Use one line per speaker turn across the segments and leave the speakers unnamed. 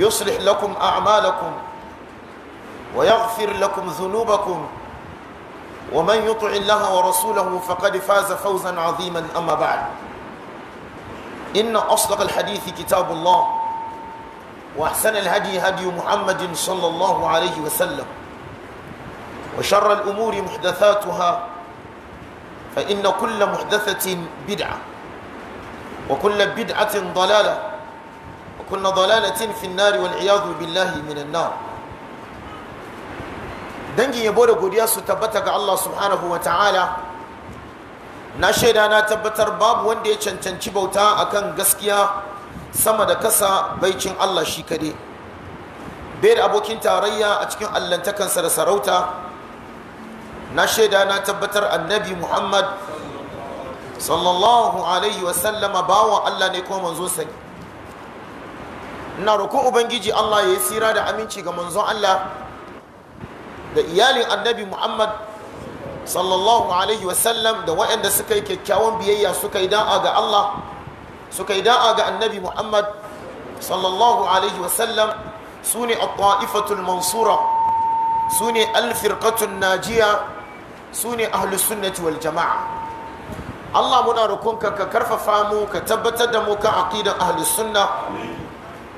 يصلح لكم أعمالكم ويغفر لكم ذنوبكم ومن يطع الله ورسوله فقد فاز فوزا عظيما أما بعد إن أصدق الحديث كتاب الله وأحسن الهدي هدي محمد صلى الله عليه وسلم وشر الأمور محدثاتها فإن كل محدثة بدعة وكل بدعة ضلالة وكل ضلالة في النار والعياذ بالله من النار dangin yabo da godiya su tabbata ga Allah subhanahu wa ta'ala na shaida na tabbatar babu wanda ya cancanci bauta a kan gaskiya sama da kasa baicin Allah shi kade bai abokin tarayya a cikin allahntakansa da sarauta na shaida na tabbatar annabi muhammad sallallahu alaihi wasallama bawan Allah ne ko manzo ina roƙo ubangiji Allah ya yi tsira da aminci ga manzon Allah da iyalin annabi Muhammad sallallahu alaihi wasallam da waɗanda suka yi kyakkyawan biyayya suka yi da'a ga Allah suka yi da'a ga annabi Muhammad sallallahu alaihi wasallam su ne at-ta'ifatul mansura su ne al najiya su ne ahlus wal jama'a Allah muna rukunka ka karfafa mu ka tabbatar da mu kan aqidan ahlus sunna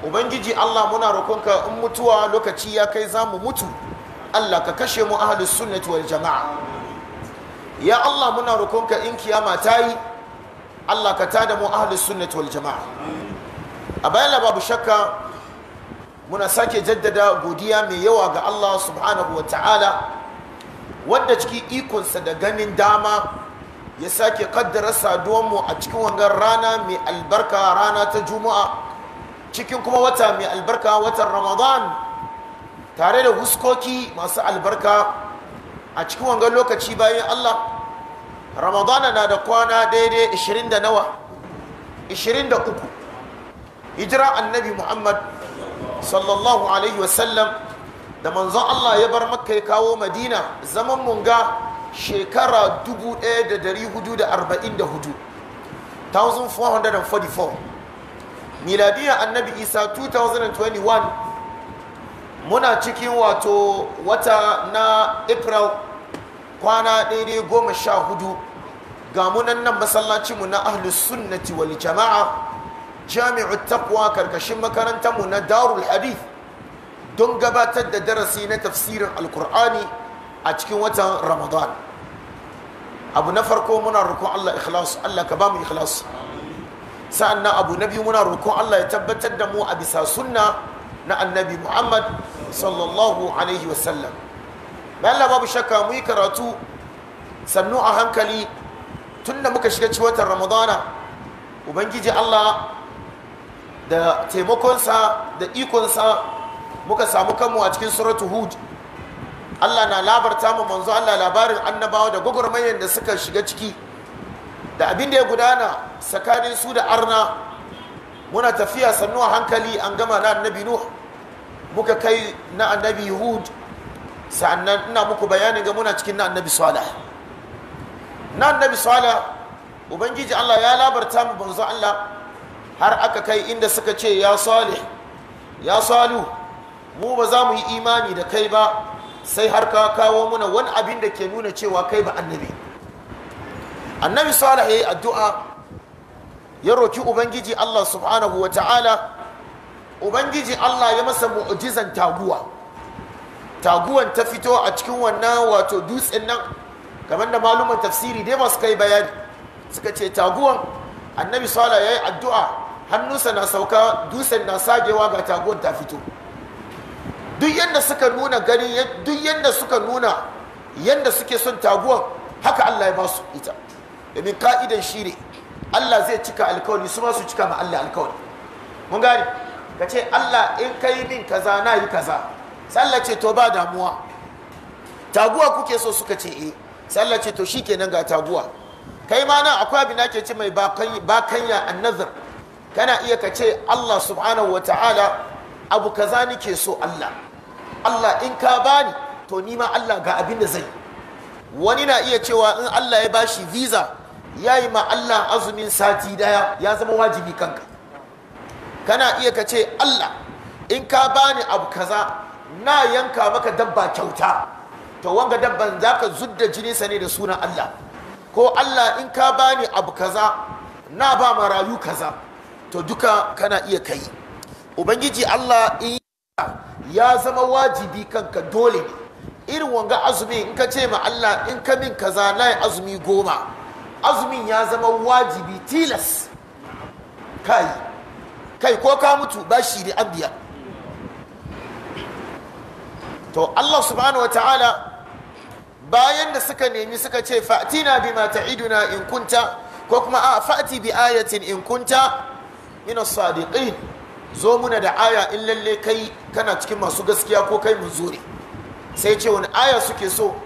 ubangiji Allah muna roƙonka in mutuwa lokaci ya kai za mu mutu Allah ka kashe mu ahalus sunnati wal jama'a ya Allah muna roƙonka in kiyama ta yi Allah ka tada mu ahalus sunnati wal jama'a a bayan babu shakka muna sake jaddada godiya mai yawa ga Allah subhanahu wa ta'ala wanda ciki ikonsa da ganin dama ya sake kaddara saduwanmu a cikin wangan rana mai albarka rana ta juma'a cikin kuma wata mai albarka watan ramadan tare da huskoki masu albarka a cikin wangan lokaci bayan allah ramadana na da kwana daidai 20 da nawa 23 hijira annabi muhammad sallallahu alaihi wasallam da manzon allah ya bar makka ya kawo madina zaman munga shekara 1444 miladiyar annabi isa 2021 muna cikin wato wata na april kwana daidai goma sha hudu ga munan nan masallacinmu na ahlus sunnati wal jama'a jami'u taqwa karkashin makarantarmu na darul hadith don gabatar da darasi na tafsirin alkur'ani a cikin watan ramadan abu na farko muna rukun allah ikhlasu, allah ka ba mu sa'annan abu na biyu muna roƙon Allah ya tabbatar da mu a bisa sunna na annabi Muhammad sallallahu alaihi wasallam Allah babu shakka mu yi karatu sannu a hankali tun da muka shiga ci watan Ramadana ubangiji Allah da taimakonsa da ikonsa muka samu kanmu a cikin suratu Hud Allah na labarta mu manzo Allah labarin annabawa da gwagwarmanyar da suka shiga ciki da abin da ya gudana tsakanin su da arna muna tafiya sannu a hankali an gama na annabi nuh muka kai na annabi hud sa'annan ina muku bayanin ga muna cikin na annabi salih na annabi salih ubangiji allah ya labarta mu banzu allah har aka kai inda suka ce ya salih ya salu mu ba za mu yi imani da kai ba sai har ka kawo muna wani abin da ke nuna cewa kai ba annabi annabi salih ya yi addu'a ya roki ubangiji Allah subhanahu wa ta'ala ubangiji Allah ya masa mu'ujizan taguwa taguwan ta fito a cikin wannan wato dutsen nan kamar da maluman tafsiri dai masu kai bayani suka ce taguwan annabi sala ya yi addu'a hannunsa na sauka dutsen na sagewa ga taguwan ta fito duk yadda suka nuna gani duk yadda suka nuna yadda suke son taguwan haka allah ya ba su ita domin ka'idan shi Allah zai cika alkawari su ma su cika ma Allah alkawari mun gane ka ce Allah in kai min kaza na yi kaza sallah ce to ba damuwa taguwa kuke so suka ce eh sallah ce to shikenan ga taguwa kai ma nan akwai abin ke ce mai bakanya annazar kana iya ka ce Allah subhanahu ta'ala abu kaza nake so Allah Allah in ka bani to ni ma Allah ga abin da zai wani na iya cewa in Allah ya bashi visa ya yi ma Allah azumin sati daya ya zama wajibi kanka kana iya ka ce Allah in ka bani abu kaza na yanka maka dabba kyauta to wanga dabban za ka zudda jini sani ne da sunan Allah ko Allah in ka bani abu kaza na ba marayu kaza to duka kana iya kai ubangiji Allah in ya zama wajibi kanka dole ne irin wanga azumi in ka ce ma Allah in ka min kaza na yi azumi goma azumin ya zama wajibi tilas kai kai ko ka mutu ba shi da an to Allah subhanahu ta'ala bayan da suka nemi suka ce fa'tina bima ta'iduna in kunta ko kuma a fa'ti bi ayatin in kunta min as-sadiqin zo muna da aya in lalle kai kana cikin masu gaskiya ko kai mun zure sai ce wani aya suke so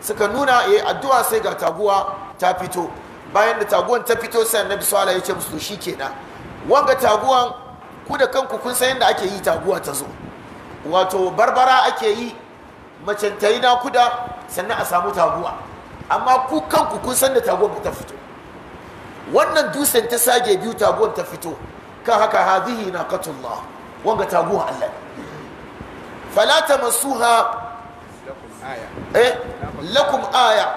suka nuna yayi eh, addu'a sai ga taguwa ta fito bayan da taguwan ta fito sai annabi sala ya ce musu to shikenan wanga taguwan ku da kanku kun san yadda ake yi taguwa ta zo wato barbara ake yi macen ta yi nakuda sannan a samu taguwa amma ku kanku kun san da taguwan ta fito wannan dusan ta sage biyu taguwan ta fito kan haka hadhihi naqatullah wanga taguwa Allah fala tamassuha eh lakum aya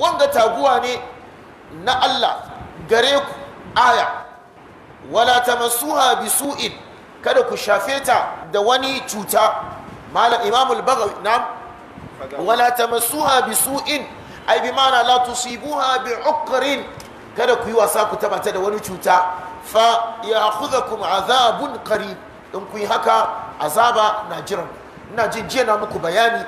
wanga taguwa ne na Allah gare ku aya wala ta tamassuha su'in kada ku shafe ta da wani cuta malam imamul bagawi nam wala ta tamassuha su'in ai bi mana la tusibuha bi ukrin kada ku yi wasa ku taba ta da wani cuta fa ya kuma azabun qarib in ku yi haka azaba na jiran ina jin jiya na muku bayani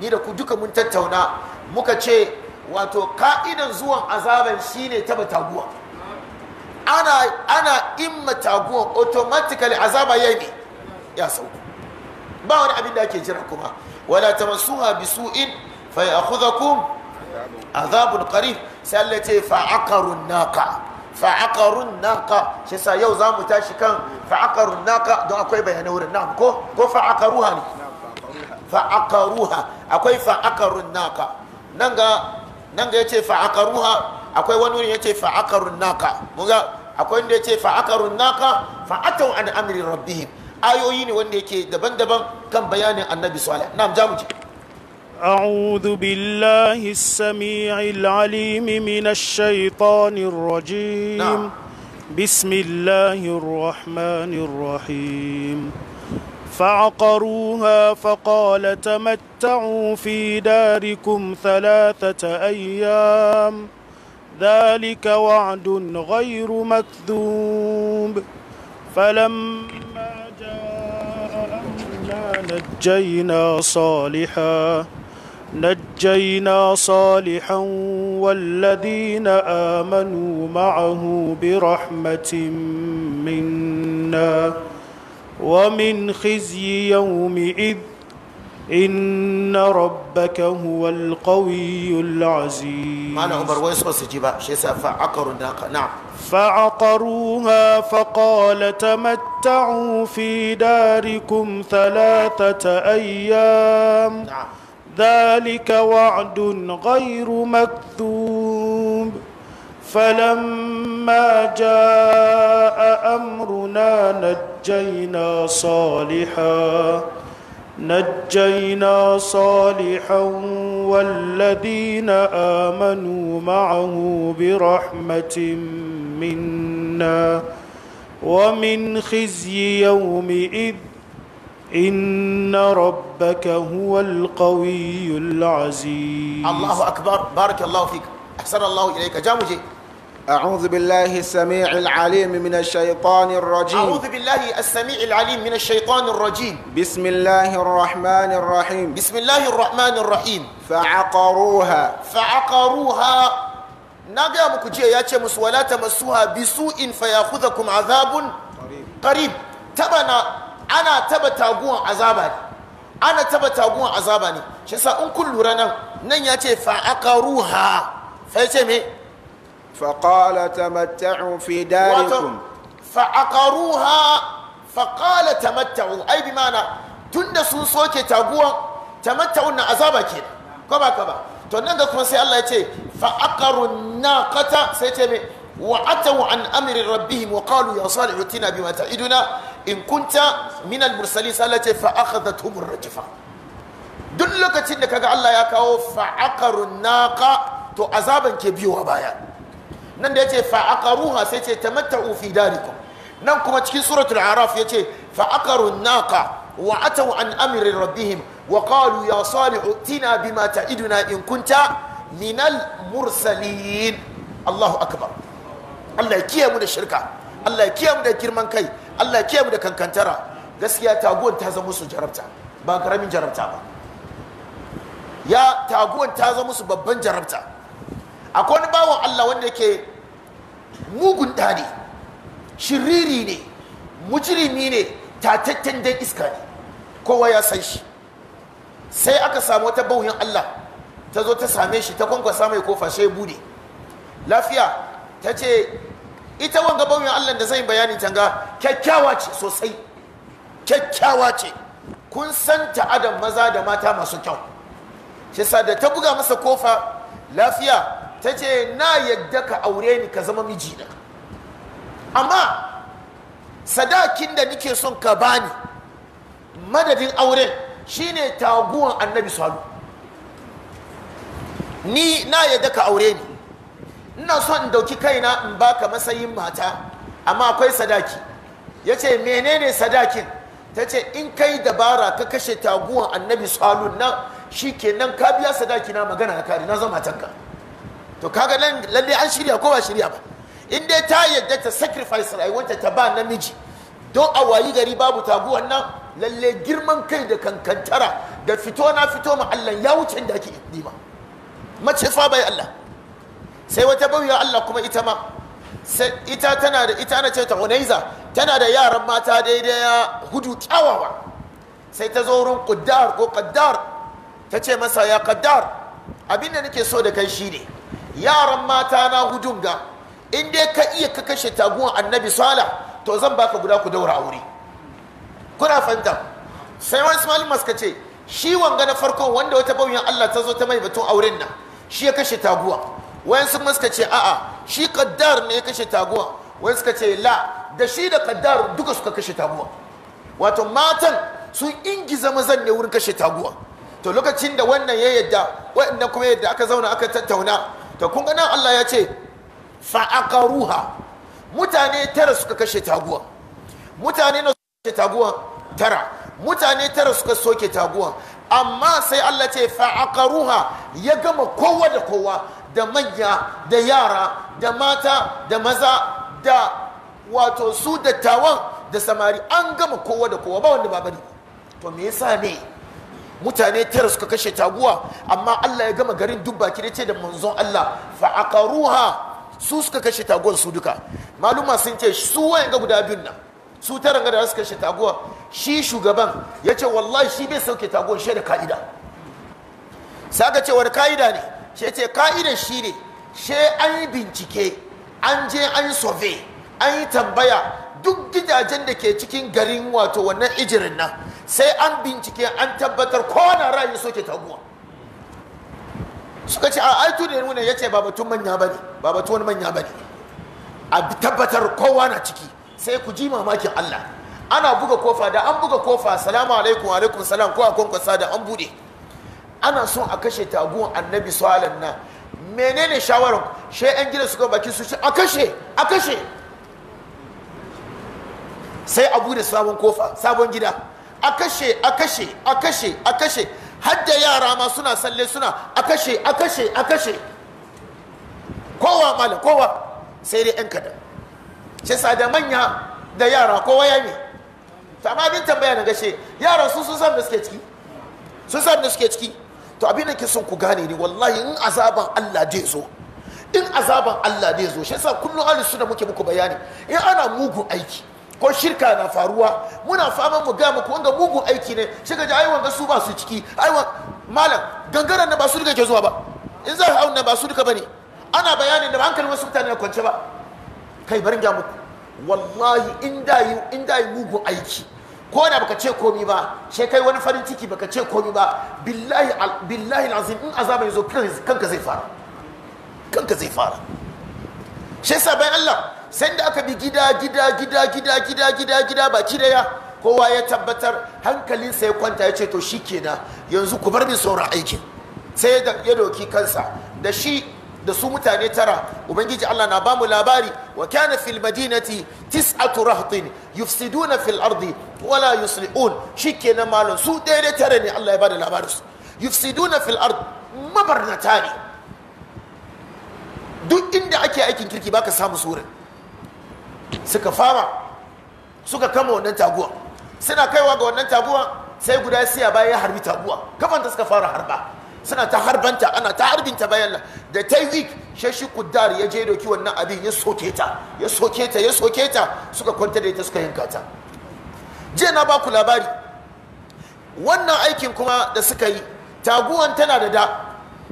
ni da ku duka mun tattauna muka ce wato ka'idan zuwan azaban shine taba taguwa ana ana imma taguwan automatically azaba ya ne ya sauko ba wani abin da ake jira kuma wala tamassuha bisu'in fa ya'khudhukum azabun qarib sai Allah ce fa aqarun naqa fa aqarun naqa shi sa yau mu tashi kan fa aqarun don akwai bayanai wurin nan ko ko fa ne fa aqaruha akwai fa aqarun nan ga nan ga yace fa aqaruha akwai wani wani yace fa aqarun naka muga akwai wanda yace fa aqarun naka fa atau an amri rabbihim ayoyi ne wanda yake daban-daban kan bayanin annabi salih na'am jamu ji
أعوذ بالله السميع العليم من الشيطان الرجيم نعم. بسم الله الرحمن الرحيم فعقروها فقال تمتعوا في داركم ثلاثة أيام ذلك وعد غير مكذوب فلما جاء أمنا نجينا صالحا نجينا صالحا والذين آمنوا معه برحمة منا ومن خزي يومئذ إن ربك هو القوي العزيز ما أنا عمر ويسوى سجيبا شيسا فعقروا الناقة نعم فعقروها فقال تمتعوا في داركم ثلاثة أيام نعم ذلك وعد غير مكتوب فلما جاء أمرنا نجد نجينا صالحا نجينا صالحا والذين آمنوا معه برحمة منا ومن خزي يومئذ إن ربك هو القوي العزيز الله
أكبر بارك الله فيك أحسن الله إليك جامجي
أعوذ بالله السميع العليم من الشيطان الرجيم أعوذ
بالله السميع العليم من الشيطان الرجيم بسم الله الرحمن الرحيم بسم الله الرحمن الرحيم فعقروها فعقروها نجا مكجي ياتي ولا تمسوها بسوء فياخذكم عذاب قريب قريب تبنا أنا تبا تاغون عذابني أنا تبا تاغون عذابني شسا أن كل رنا نن ياتي فعقروها فيتي فقال تمتعوا
في داركم
فعقروها فقال تمتعوا اي بمعنى تند سن سوكي تاغوا تمتعوا عذابا كده كما كما to nan ga kuma sai Allah ya ce fa aqaru naqata sai ce me wa atau an amri rabbihim wa qalu ya salih utina bima ta'iduna in kunta min al mursalin sai Allah ya ce fa akhadhatuhum duk lokacin da ka ga Allah ya kawo fa aqaru to azaban ke biyowa baya nan da yace ce aqaruha sai ce matau fi darikun nan kuma cikin suratul araf yace fa aqaru naqa wa atau an amirin rabihim wa qalu ya salihu tina mata iduna in kunta minal mursalin Allahu akbar Allah ya kiyaye mu da shirka Allah ya kiyaye mu da girman kai Allah ya kiyaye mu da kankantara gaskiya taguwan ta zama su jarabta ba karamin jarabta ba ya taguwan ta zama su babban jarabta akwai wani bawan Allah wanda yake mugun ɗani shiriri ne mujirimi ne tatatten dan iska ne kowa ya san shi sai aka samu wata bauhin Allah ta zo ta same shi ta kwankwasa mai kofa sai bude lafiya ta ce ita wanga bauhin Allah da zai bayani tanga kyakkyawa ce sosai kyakkyawa ce kun san ta adam maza da mata masu kyau shi da ta buga masa kofa lafiya ta ce na yadda ka aure ni ka zama mijina amma sadakin da nike son ka bani madadin auren shine taguwan annabi salu ni na yadda ka aure ni ina son in dauki kaina in baka matsayin mata amma akwai sadaki ya ce menene sadakin ta ce in kai dabara ka kashe taguwan annabi salu nan shi kenan ka biya sadaki na magana na kari na zama tanka to kaga nan lalle an shirya ko ba shirya ba in dai ta yadda ta sacrifice rayuwarta ta ba namiji don a wayi gari babu taguwan nan lalle girman kai da kankantara da fito na fito ma Allah ya wuce da ake dima mace fa bai Allah sai wata bauya Allah kuma ita ma sai ita tana da ita ce ta Hunaiza tana da yaran mata daidai ya hudu kyawawa sai ta zo wurin Qaddar ko Qaddar ta ce masa ya Qaddar abin da nake so da kai shine yaran mata na hudun ga in dai ka iya ka kashe taguwan annabi sala to zan baka guda ku daura aure kuna fanta sai wani smalin maska ce shi wanga na farko wanda wata bauyin Allah ta zo ta mai batun auren nan shi ya kashe taguwa wayan sun maska ce a'a shi kaddar ne ya kashe taguwa wayan suka ce la da shi da kaddar duka suka kashe taguwa wato matan sun zama zan ne wurin kashe taguwa to lokacin da wannan ya yadda wannan kuma yadda aka zauna aka tattauna ta kun nan Allah ya ce fa'aqaruha mutane tara suka kashe taguwa mutane na kashe taguwa tara mutane tara suka soke taguwa amma sai Allah ce fa'aqaruha ya gama kowa da kowa da manya da yara da mata da maza da wato su dattawan da samari an gama kowa da kowa ba wanda ba bari to me yasa ne mutane tara suka kashe taguwa amma Allah ya gama garin duk baki ce da manzon Allah fa aqaruha su suka kashe taguwar su duka maluma sun ce su wayan ga guda biyun nan su tara ga da su kashe taguwa shi shugaban ya ce wallahi shi bai sauke taguwar shi da ka'ida saka ce wani ka'ida ne shi ce ka'idar shi ne she an yi bincike an je an yi survey an yi tambaya duk gidajen da ke cikin garin wato wannan ijirin nan sai an bincike an tabbatar kowane rayu soke taguwa suka ce a aitu da nuna ya ce ba batun manya ba ne ba batun wani manya ba ne a tabbatar kowa na ciki sai ku ji mamakin allah ana buga kofa da an buga kofa salamu alaikum alaikum salam ko a kwankwasa da an bude ana son a kashe taguwan annabi salan na menene shawarar shi yan gida suka baki su ce a kashe a kashe sai a bude sabon kofa sabon gida a kashe a kashe a kashe a kashe hadda yara ma suna salle suna a kashe a kashe a kashe kowa mala kowa sai dai 'yan kadan shi sa da manya da yara kowa ya ne to amma abin tambaya na gashe Yara su sun san da suke ciki sun san da suke ciki to abin da ke son ku gane ni. wallahi in azaban Allah zai zo in azaban Allah zai zo shi sa kullum alisu da muke muku bayani in ana mugun aiki ko shirka na faruwa muna fama mu ga muku wanda mugun aiki ne sai ka ji ai wanda su ba su ciki ai malam gangaren na ba su duka ke zuwa ba in za haun na ba su duka bane ana bayani da hankali wasu mutane na kwance ba kai barin ga muku wallahi in da yi in da yi mugun aiki ko da baka ce komi ba sai kai wani farin ciki baka ce komi ba billahi billahi azim in azaba yazo kanka zai fara kanka zai fara shi yasa bayan Allah sai da aka bi gida gida gida gida gida gida gida baki daya kowa ya tabbatar hankalinsa ya kwanta ya ce to shi kenan yanzu ku bar min sauran aikin sai ya doki kansa da shi da su mutane tara ubangiji Allah na bamu labari wa kana fil madinati tis'atu rahtin yufsiduna fil ardi wala yuslihun shikenan malam su daidai tara ne Allah ya bada labarin su yufsiduna fil ard mabarnata ne duk inda ake aikin kirki baka samu surin suka fara suka kama wannan taguwa suna kaiwa ga wannan taguwa sai guda ya siya bayan ya harbi taguwa kafanta suka fara harba suna ta harbanta ana ta harbinta bayan da ta yi shashi kuddar ya je doki wannan abin ya soke ta ya soke ta ya soke ta suka kwanta da ita suka yanka ta jiya na ba ku labari wannan aikin kuma da suka yi taguwan tana da da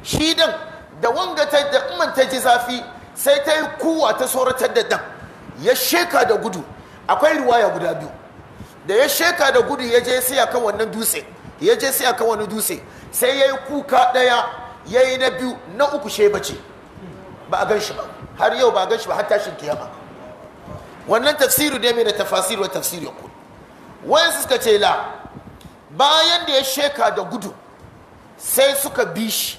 shi da wanga ta da ta ji zafi sai ta yi kuwa ta tsoratar da dan ya sheka da gudu akwai ruwaya guda biyu da ya sheka da gudu ya je sai akan wannan dutse ya je sai akan wani dutse sai ya yi kuka ɗaya ya yi na biyu na uku she bace ba a gan shi ba har yau ba a gan shi ba har tashin kiyama wannan tafsiru ne mai da tafasiru wa tafsiru ya kudu wayan suka ce la bayan da ya sheka da gudu sai suka bi shi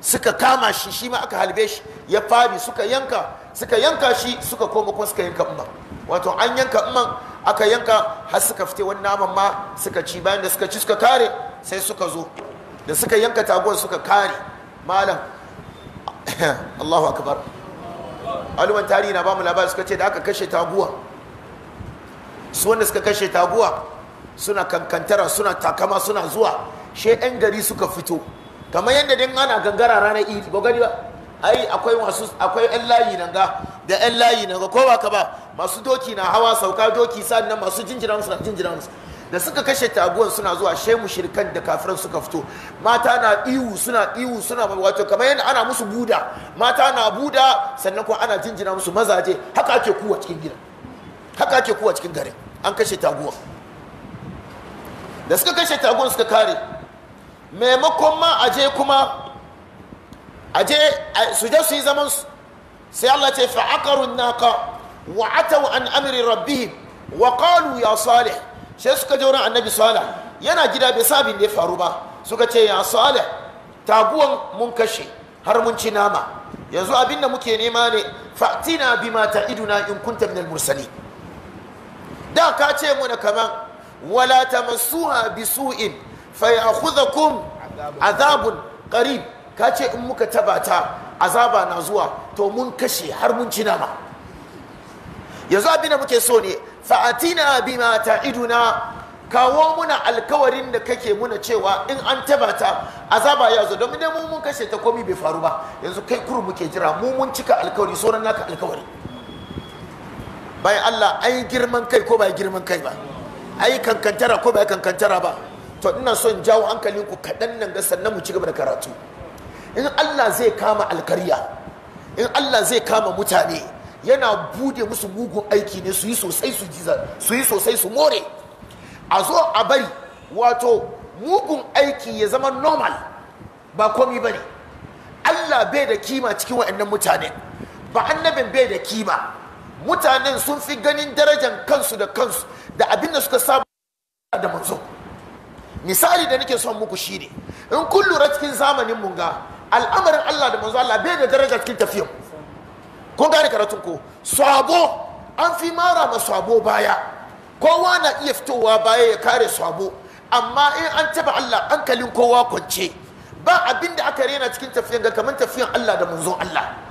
suka kama shi shi ma aka halbe shi ya fari suka yanka suka yanka shi suka koma kuma suka yanka umman wato an yanka umman aka yanka har suka fite wani naman ma suka ci bayan da suka ci suka kare sai suka zo da suka yanka tagon suka kare malam Allahu akbar aluman tarihi na bamu labari suka ce da aka kashe taguwa su wanda suka kashe taguwa suna kankantara suna takama suna zuwa shi yan gari suka fito kamar yadda din ana gangara ranar iri ba gani ba ai akwai masu akwai yan layi nan ga da yan layi nan ga kowa ka ba masu doki na hawa sauka doki sannan masu jinjiran su na su da suka kashe taguwan suna zuwa shemu shirkan da kafiran suka fito mata na iwu suna iwu suna wato kamar yadda ana musu buda mata na buda sannan kuma ana jinjina musu mazaje haka ake kuwa cikin gida haka ake kuwa cikin gare an kashe taguwan da suka kashe taguwan suka kare maimakon ma aje kuma aje su je su yi zaman su sai Allah ce fa aqarun naqa wa ataw an amri rabbihim wa qalu ya salih sai suka je wurin annabi salih yana gida bai sa bin da ya faru ba suka ce ya salih taguwan mun kashe har mun ci nama yanzu abin da muke nema ne fa'tina bima ta'iduna in kunta minal mursali da ka ce na kaman wala tamassuha bisu'in fa ya'khudhukum azabun qarib ka ce in muka taba ta azaba na zuwa to mun kashe har mun ci nama yanzu abin da muke so ne fa'atina bima ta'iduna kawo muna alkawarin da kake muna cewa in an taba ta azaba ya zo domin dai mu mun kashe ta komi bai faru ba yanzu kai kuru muke jira mu mun cika alkawari sauran naka alkawari bayan Allah ai girman kai ko ba girman kai ba ai kankantara ko ba kankantara ba to ina so in jawo hankalinku kaɗan nan ga sannan mu ci gaba da karatu in Allah zai kama alkarya in Allah zai kama mutane yana bude musu mugun aiki ne su yi sosai su su yi sosai su more a zo a bari wato mugun aiki ya zama normal ba komi bane Allah bai da kima cikin wa'annan mutane ba annabin bai da kima mutanen sun fi ganin darajar kansu da kansu da abin da suka samu da manzo misali da nake son muku shi ne. in kun lura cikin zamanin munga al'amarin Allah da manzo Allah bai da daraja cikin tafiyan kun gane karatun ko sabo an fi mara ma sabo baya kowa na iya fitowa baya ya kare sabo amma in an taba Allah hankalin kowa kwance ba abin da aka rena cikin tafiyan ga kamar tafiyan Allah da manzo Allah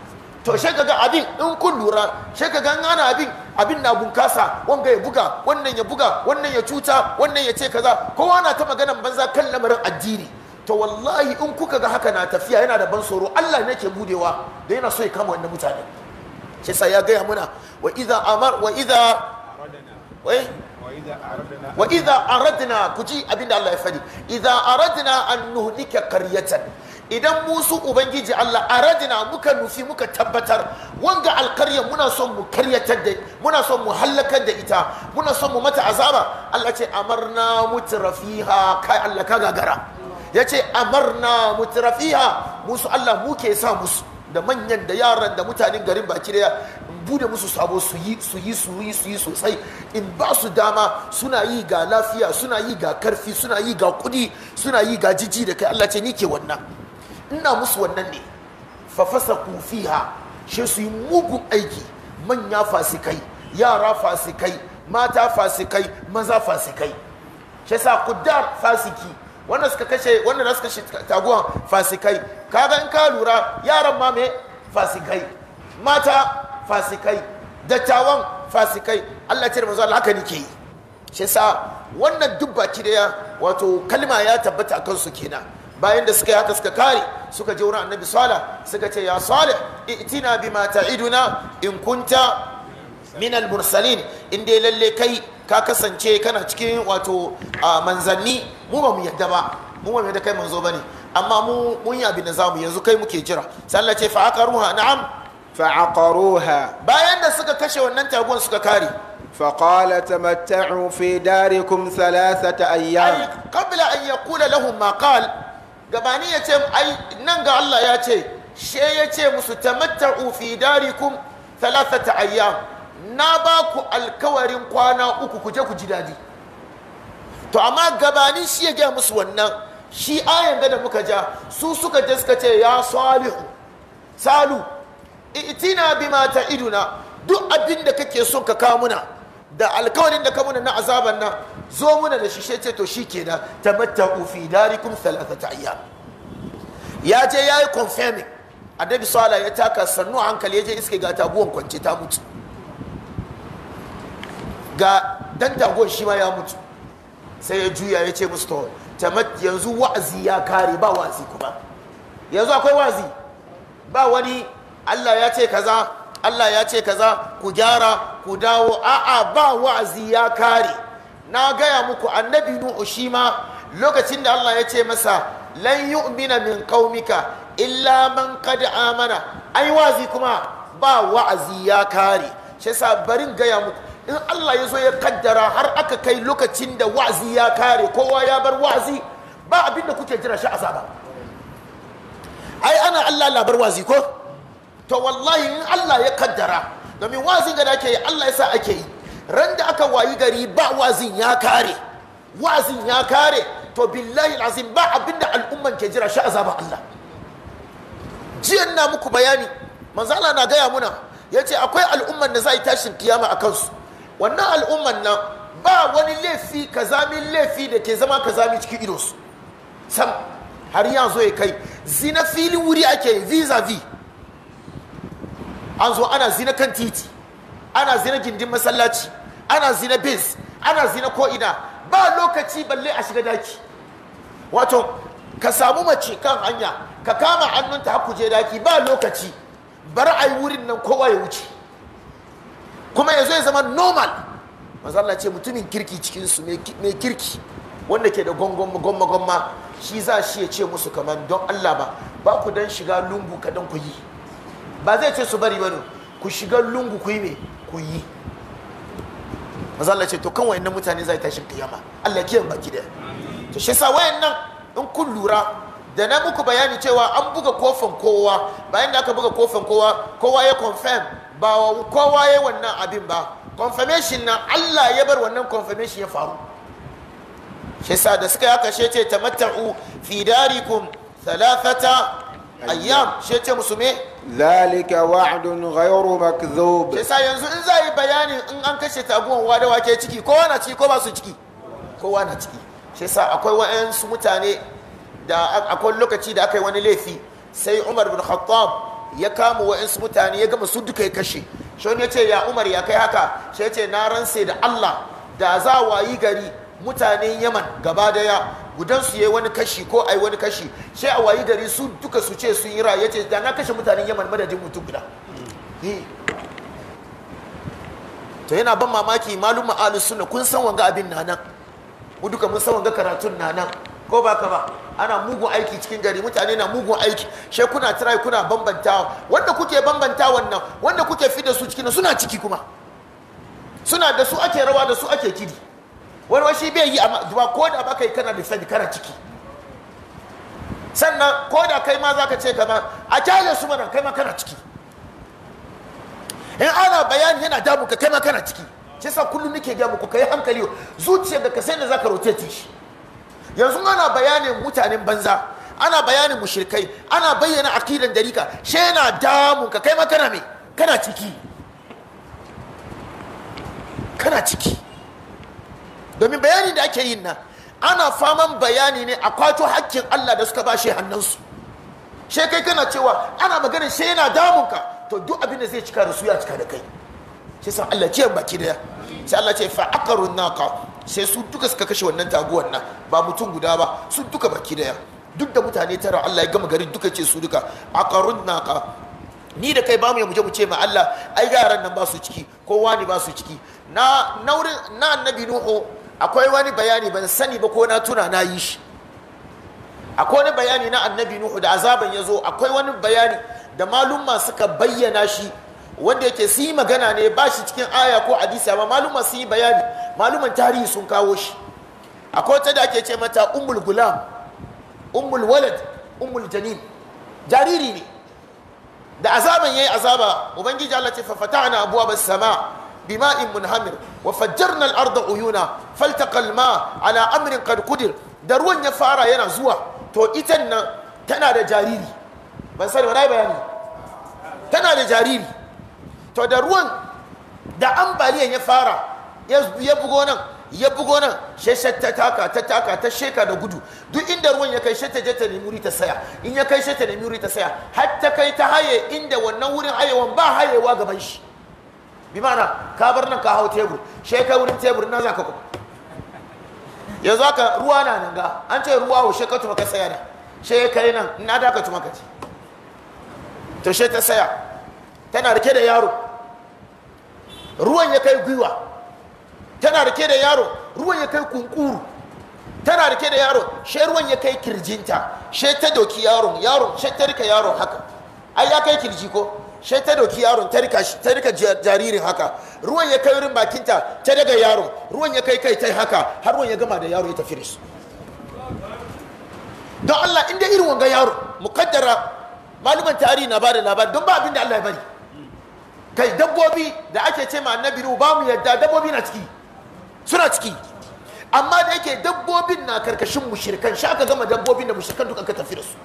to sai kaga abin in kun lura sai kaga ana abin abin na bunkasa wanga ya buga wannan ya buga wannan ya cuta wannan ya ce kaza kowa na ta maganan banza kan lamarin addini to wallahi in kuka ga haka na tafiya yana da ban tsoro Allah ne ke budewa da yana so ya kama wannan mutane shi sa ya gaya muna wa idza amar wa idza wai wa idza aradna ku ji da Allah ya fadi idza aradna an nuhlika qaryatan idan musu ubangiji Allah aradna muka nufi muka tabbatar wanga alkarya muna son mu karyatar da muna son mu hallakar da ita muna son mu mata azaba Allah ce amarna mutrafiha kai Allah ka gagara ya ce amarna mutrafiha musu Allah mu ke sa musu da manyan da yaran da mutanen garin baki daya in bude musu sabo su yi su yi su yi sosai in ba su dama suna yi ga lafiya suna yi ga karfi suna yi ga kudi suna yi ga jiji da kai Allah ce ni ke wannan ina musu wannan ne fa fasaku fiha shi su yi mugun aiki manya fasikai yara fasikai mata fasikai maza fasikai shi sa fasiki wanda suka kashe wanda za su kashe taguwan fasikai kaga in ka lura yaran ma mai fasikai mata fasikai dattawan fasikai Allah ce da manzo Allah haka nake yi shi sa wannan duk baki daya wato kalma ya tabbata kansu kenan bayan da suka yi haka suka kare suka je wurin annabi salih suka ce ya salih itina mata iduna in kunta minal mursalin in dai lalle kai ka kasance kana cikin wato manzanni mu ba mu yadda ba mu ba mu yadda kai manzo bane amma mu mun yabi na zamu yanzu kai muke jira Sallah ce fa aqaruha na'am fa aqaruha bayan da suka kashe wannan taguwan suka kare فقال تمتعوا في داركم
ثلاثة أيام أي
قبل أن يقول لهم ما قال قباني يتم أي ننقى الله ياتي شيء يتم تمتعوا في داركم ثلاثة أيام na ba ku alkawarin kwana uku kuje ku ji daji to amma gabanin shi ya gaya musu wannan shi ayan da muka ja su suka je suka ce ya salihu salu itina bima ta iduna duk abin da kake son ka kawo muna da alkawarin da ka muna na azaban nan zo muna da shi, shishe ce to shi ke da tamatta ufi darikum thalathata ayyam ya je ya confirming annabi sallallahu ya taka sannu hankali ya je iske ga taguwan kwance ta mutu ga dan tagon shi ma ya mutu sai ya juya ya ce musu yanzu wa'azi ya kare ba wa'azi kuma yanzu akwai wa'azi ba wani Allah ya ce kaza Allah ya ce kaza ku gyara ku dawo a'a ba wa'azi ya kare na gaya muku annabi nuhu shi ma lokacin da Allah ya ce masa lan yu'mina min qaumika illa man qad amana ai wa'azi kuma ba wa'azi ya kare shi sa barin gaya muku in Allah ya zo ya kaddara har aka kai lokacin da wa'azi ya kare kowa ya bar wa'azi ba abinda kuke jira shi azaba ai ana Allah labar wa'azi ko to wallahi in Allah ya kaddara domin wa'azin gada ake yi Allah ya sa ake yi ran da aka wayi gari ba wa'azin ya kare wa'azin ya kare to billahi azim ba abinda al'umman ke jira shi azaba Allah jiyan na muku bayani manzala na gaya muna ya ce akwai al'umman da za a yi tashin kiyama a kansu wannan al'umman nan ba wani laifi kazamin laifi da ke zama kazami cikin idonsu sam har an zo ya kai zina filin wuri ake visa v an zo ana zina kan titi ana zina gindin masallaci ana zina bins ana zina ko'ina ba lokaci balle a shiga daki wato ka samu mace kan hanya ka kama hannunta har kuje daki ba lokaci bar yi wurin nan kowa ya wuce kuma ya zo ya zama normal manzo Allah ce mutumin kirki cikin su mai kirki wanda ke da gongon gomma shi za shi ya ce musu kamar don Allah ba ba ku dan shiga lungu kadan ku yi ba zai ce su bari bane ku shiga lungu ku yi me ku yi manzo Allah ce to kan wayannan mutane zai tashi kiyama Allah ya kiyaye baki da to shi sa wayannan in kun lura da na muku bayani cewa an buga kofin kowa bayan da aka buga kofin kowa kowa ya confirm ba wa kowa ya wannan abin ba confirmation na Allah ya bar wannan confirmation ya faru shi sa da suka yaka shi ce ta tamatta'u fi darikum thalathata ayyam shi ce musume me zalika wa'dun ghayru makdhub shi sa yanzu in za yi bayanin in an kashe abuwan wada wake ciki kowa na ciki ko ba su ciki kowa na ciki shi sa akwai wa'ansu mutane da akwai lokaci da aka yi wani laifi sai Umar bin Khattab ya kama wa'insu mutane ya gama su duka ya kashe shi ya ce ya umar ya kai haka shi ya ce na ranse da allah da za wayi gari mutanen yaman gaba daya gudan su yi wani kashi ko ai wani kashi sai a wayi gari su duka su ce sun yi ra ya ce da na kashe mutanen yaman madadin mutum guda to yana ban mamaki malum ma'alus sunna kun san wanga abin nanan mu duka mun san wanga karatun nanan ko ba ka ba ana mugun aiki cikin gari mutane na mugun aiki shai kuna try kuna bambantawa wanda kuke bambanta wannan wanda kuke fi da su cikin suna ciki kuma suna da su ake rawa da su ake kiri wani washi bai yi amma zuwa ko da baka yi kana da sani kana ciki sannan ko da kai ma zaka ce kamar a kyale su mana kai ma kana ciki in ana bayani yana damu ka kai ma kana ciki shi kullum nake damu muku kai hankali Zuciya da ka sai da zaka rotate shi yanzu ana bayanin mutanen banza ana bayanin mushirkai ana bayyana akidan dariƙa shi yana damun ka kai ma kana kana ciki kana ciki domin bayani da ake yin nan ana faman bayani ne a kwato hakkin Allah da suka ba shi hannunsu su. kai kana cewa ana maganin shi yana damun to duk abin da zai cika da su ya cika da kai shi san Allah ciyan baki daya sai Allah ce fa aqarun sai su duka suka kashe wannan taguwan nan ba mutum guda ba su duka baki daya duk da mutane tara Allah ya gama garin duka ce su duka akarun naka ni da kai bamu ya muje mu ce ma Allah ai yaran nan ba su ciki kowa ne ba su ciki na naurin na annabi nuhu akwai wani bayani ban sani ba ko na tuna na yi shi akwai wani bayani na annabi nuhu da azaban ya zo akwai wani bayani da malumma suka bayyana shi wanda yake su yi magana ne ba shi cikin aya ko hadisi amma maluma su yi bayani maluman tarihi sun kawo shi akwai wata da ake ce mata Umul gulam Umul walad Umul janin jariri ne da azaban yayi azaba ubangiji Allah ce fa abuwa abwaab sama bima'in munhamir wa fajjarna al uyuna faltaqa al-ma ala amrin qad qudir da ruwan ya fara yana zuwa to itan nan tana da jariri ban sani wani bayani tana da jariri to da ruwan da ambaliyan ya fara ya bugo nan ya bugo nan she ta taka ta taka ta sheka da gudu duk inda ruwan ya kai she ta je ta nemi wuri ta saya in ya kai she ta nemi ta saya har ta kai ta haye inda wannan wurin hayewan ba hayewa gaban shi bi mana ka bar nan ka hau tebur she kai wurin tebur na ka kuma yanzu haka ruwa na nan ga an ce ruwa wa she ka tuma ka saya da she ya kai nan na da ka tuma ka ce to she ta saya tana rike da yaro ruwan ya kai gwiwa tana rike da yaro ruwan ya kai kunkuru tana rike da yaro she ruwan ya kai kirjinta she ta doki yaron yaron she ta rika yaron haka ai ya kai kirji ko she ta doki yaron ta rika ta rika jaririn haka ruwan ya kai wurin bakinta ta daga yaron ruwan ya kai kai ta haka har ruwan ya gama da yaro ya tafi da su don Allah inda irin wanga yaro mukaddara malaman tarihi na bada labari don ba abin da Allah ya bari kai dabbobi da ake ce ma annabi ruhu ba mu yadda dabbobi na ciki suna ciki amma da yake dabbobin na karkashin mushirkan shi aka gama dabbobin da mushirkan duka ka tafi da su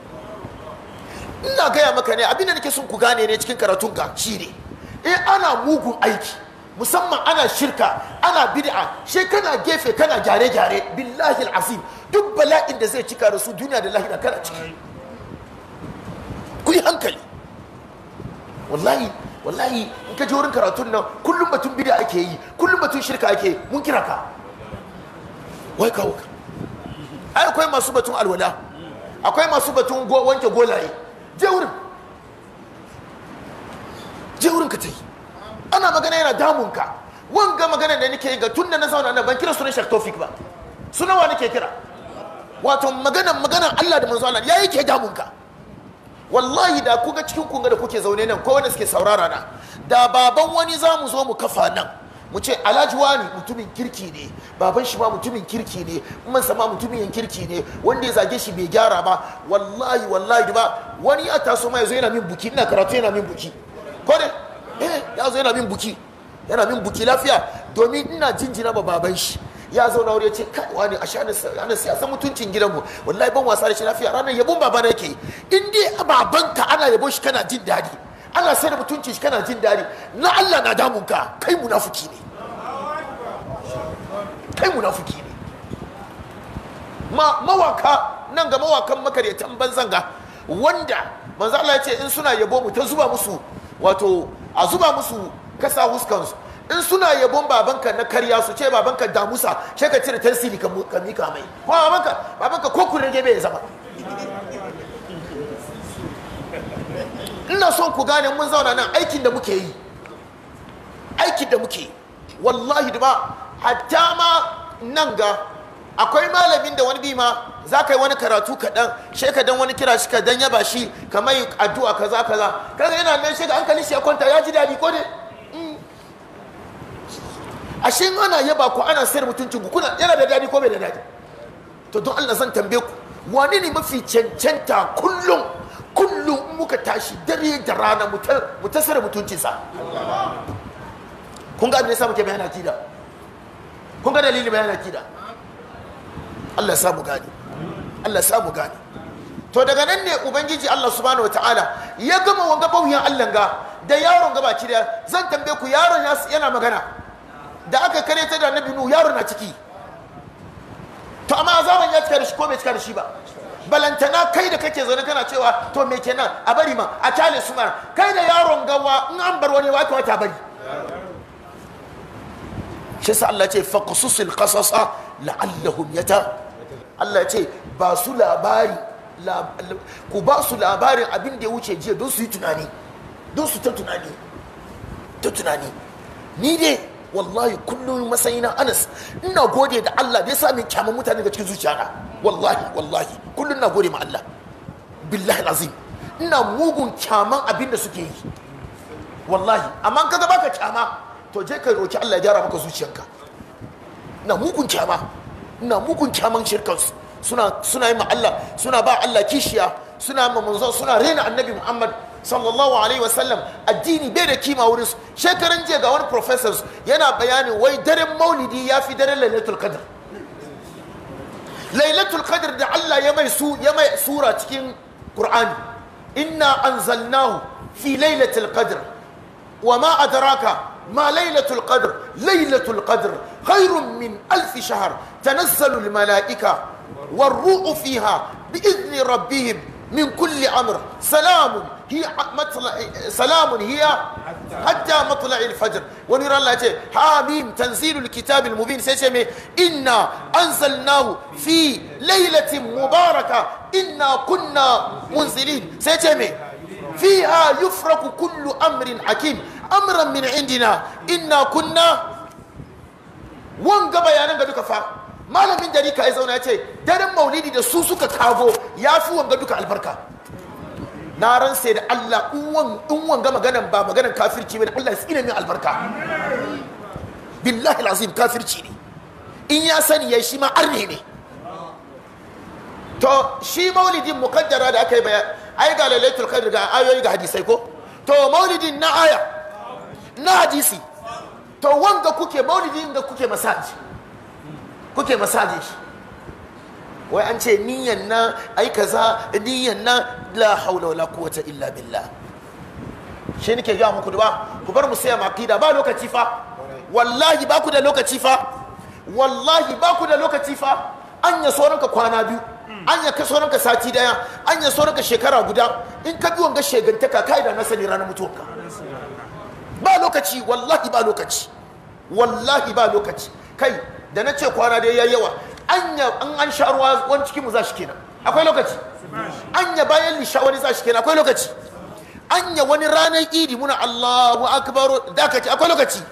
ina gaya maka ne abin da nake sun ku gane ne cikin karatun ka ne in eh, ana mugun aiki musamman ana shirka ana bid'a shi kana gefe kana gyare-gyare billahi azim duk bala'in da zai cika da su duniya da lahira kana ciki ku yi hankali wallahi wallahi in ka je wurin karatun nan kullum batun bid'a ake yi kullum batun shirka ake mun kira ka wai kawo ka ai akwai masu batun alwala akwai masu batun wanke golaye je wurin je wurin ka ta yi. ana magana yana damun ka wanga magana da nake ga tunda na zauna na, ban kira sunan shak tofik ba sunan wa nake kira wato maganan maganan Allah da manzo Allah ya ke damun ka wallahi da kuga cikin kunga da kuke zaune nan ko wanda suke saurara na da baban wani za mu zo mu kafa nan mu ce alhaji wani mutumin kirki ne baban shi ma mutumin kirki ne man sama mutumin kirki ne wanda ya zage shi bai gyara ba wallahi wallahi ba wani ya taso ma yazo yana min buki ina karatu yana min buki ko ne eh zo yana min buki yana min buki lafiya domin ina jinjina ba baban shi ya zauna wuri ya ce kai wani a shanin ranar san mutuncin gidanmu wallahi ban wasa da shi lafiya ranar yabon babana yake in dai babanka ana yabon shi kana jin daɗi ana sai da mutuncin shi kana jin daɗi na Allah na damun ka kai munafuki ne kai munafuki ne ma mawaka nan ga mawakan makaryatan banzanga wanda manzo Allah ya ce in suna yabo mu ta zuba musu wato a zuba musu kasa huskansu in suna yabon babanka na karya su ce babanka damusa she ka cire tansili ka mika mai ko babanka babanka ko kurege bai zama ina son ku gane mun zauna nan aikin da muke yi aikin da muke wallahi ba hatta ma nan ga akwai malamin da wani bima za ka yi wani karatu kaɗan sheka wani kira shi ka dan yaba shi kamar addu'a kaza kaza kaga yana nan sheka ka shi ya kwanta ya ji daɗi ko ne ashe in ana yaba ku ana sayar mutuncin ku kuna yana da dadi ko bai da dadi to don Allah zan tambaye ku wani ne mafi cancanta kullum kullum in muka tashi dare da rana mu tasar mutuncinsa kun ga abin da samu muke bayan akida kun ga dalilin bayan akida Allah ya mu Allah ya mu gane to daga nan ne ubangiji Allah subhanahu wataala ya gama wanga bauyan Allah ga da yaron gaba ki da zan tambaye ku yaron yana magana da aka kare ta da annabi nuhu yaro na ciki to amma a azaban ya cika da shi ko bai cika da shi ba balantana kai da kake zaune kana cewa to me kenan a bari ma a kyale su ma. kai da yaron gawa in an bar wani wata wata bari shi sa Allah ce faqsusul qasasa la'allahum yata Allah ce ba su labari ku ba su labarin abin da ya wuce jiya don su yi tunani don su ta tunani ta tunani ni dai wallahi kullum matsayi na anas ina gode da Allah da ya sami kyaman mutane daga cikin zuciyana wallahi wallahi kullum na gode ma Allah billahi azim ina mugun kyaman abin da suke yi wallahi amma kaga baka kyama to je ka roki Allah ya gyara maka zuciyanka ina mugun kyama ina mugun kyaman shirkansu suna suna yi ma Allah suna ba Allah kishiya suna ma manzo suna rena annabi Muhammad sallallahu alaihi wasallam addini bai da kima wurin su shekaran jiya ga wani professors yana bayanin wai daren maulidi ya fi daren lailatul qadr lailatul qadr da Allah ya mai su ya mai sura cikin qur'ani inna anzalnahu fi lailatul qadr wa ma adraka ما ليلة القدر ليلة القدر خير من ألف شهر تنزل الملائكة والروح فيها بإذن ربهم من كل أمر سلام هي مطلع سلام هي حتى مطلع الفجر ونرى الله يجي حاميم تنزيل الكتاب المبين سيشمي إنا أنزلناه في ليلة مباركة إنا كنا منزلين سيشمي فيها يفرق كل أمر حكيم أمرا من عندنا إنا كنا وانقبا يا ننقى فا malamin dari ka ya zauna ya ce daren maulidi da su suka kago ya fi wanga duka albarka na ran sai da Allah in uwan ga maganan ba maganan kafirci ba Allah ya tsine min albarka billahi alazim kafirci ne in ya sani ya shi ma arne ne to shi maulidin mukaddara da aka yi baya ai ga lailatul qadr ga ayoyi ga hadisai ko to maulidin na aya na hadisi to wanda kuke maulidin da kuke masaji kuke masaji shi wai an ce niyan nan ai kaza niyan nan la haula wala quwwata illa billah shi nake ga muku duba ku bar mu sai kida ba lokaci fa wallahi ba ku da lokaci fa wallahi ba ku da lokaci fa an ya sauranka kwana biyu an ya ka sauranka sati daya an ya sauranka shekara guda in ka bi wanga shegantaka kai da na sani ranar mutuwarka ba lokaci wallahi ba lokaci wallahi ba lokaci kai da na ce kwana dai ya yawa anya an an sha'arwa wani cikin mu za shi kenan akwai lokaci anya bayan lisha wani za shi kenan akwai lokaci anya wani ranar idi muna Allahu akbar dakaci akwai lokaci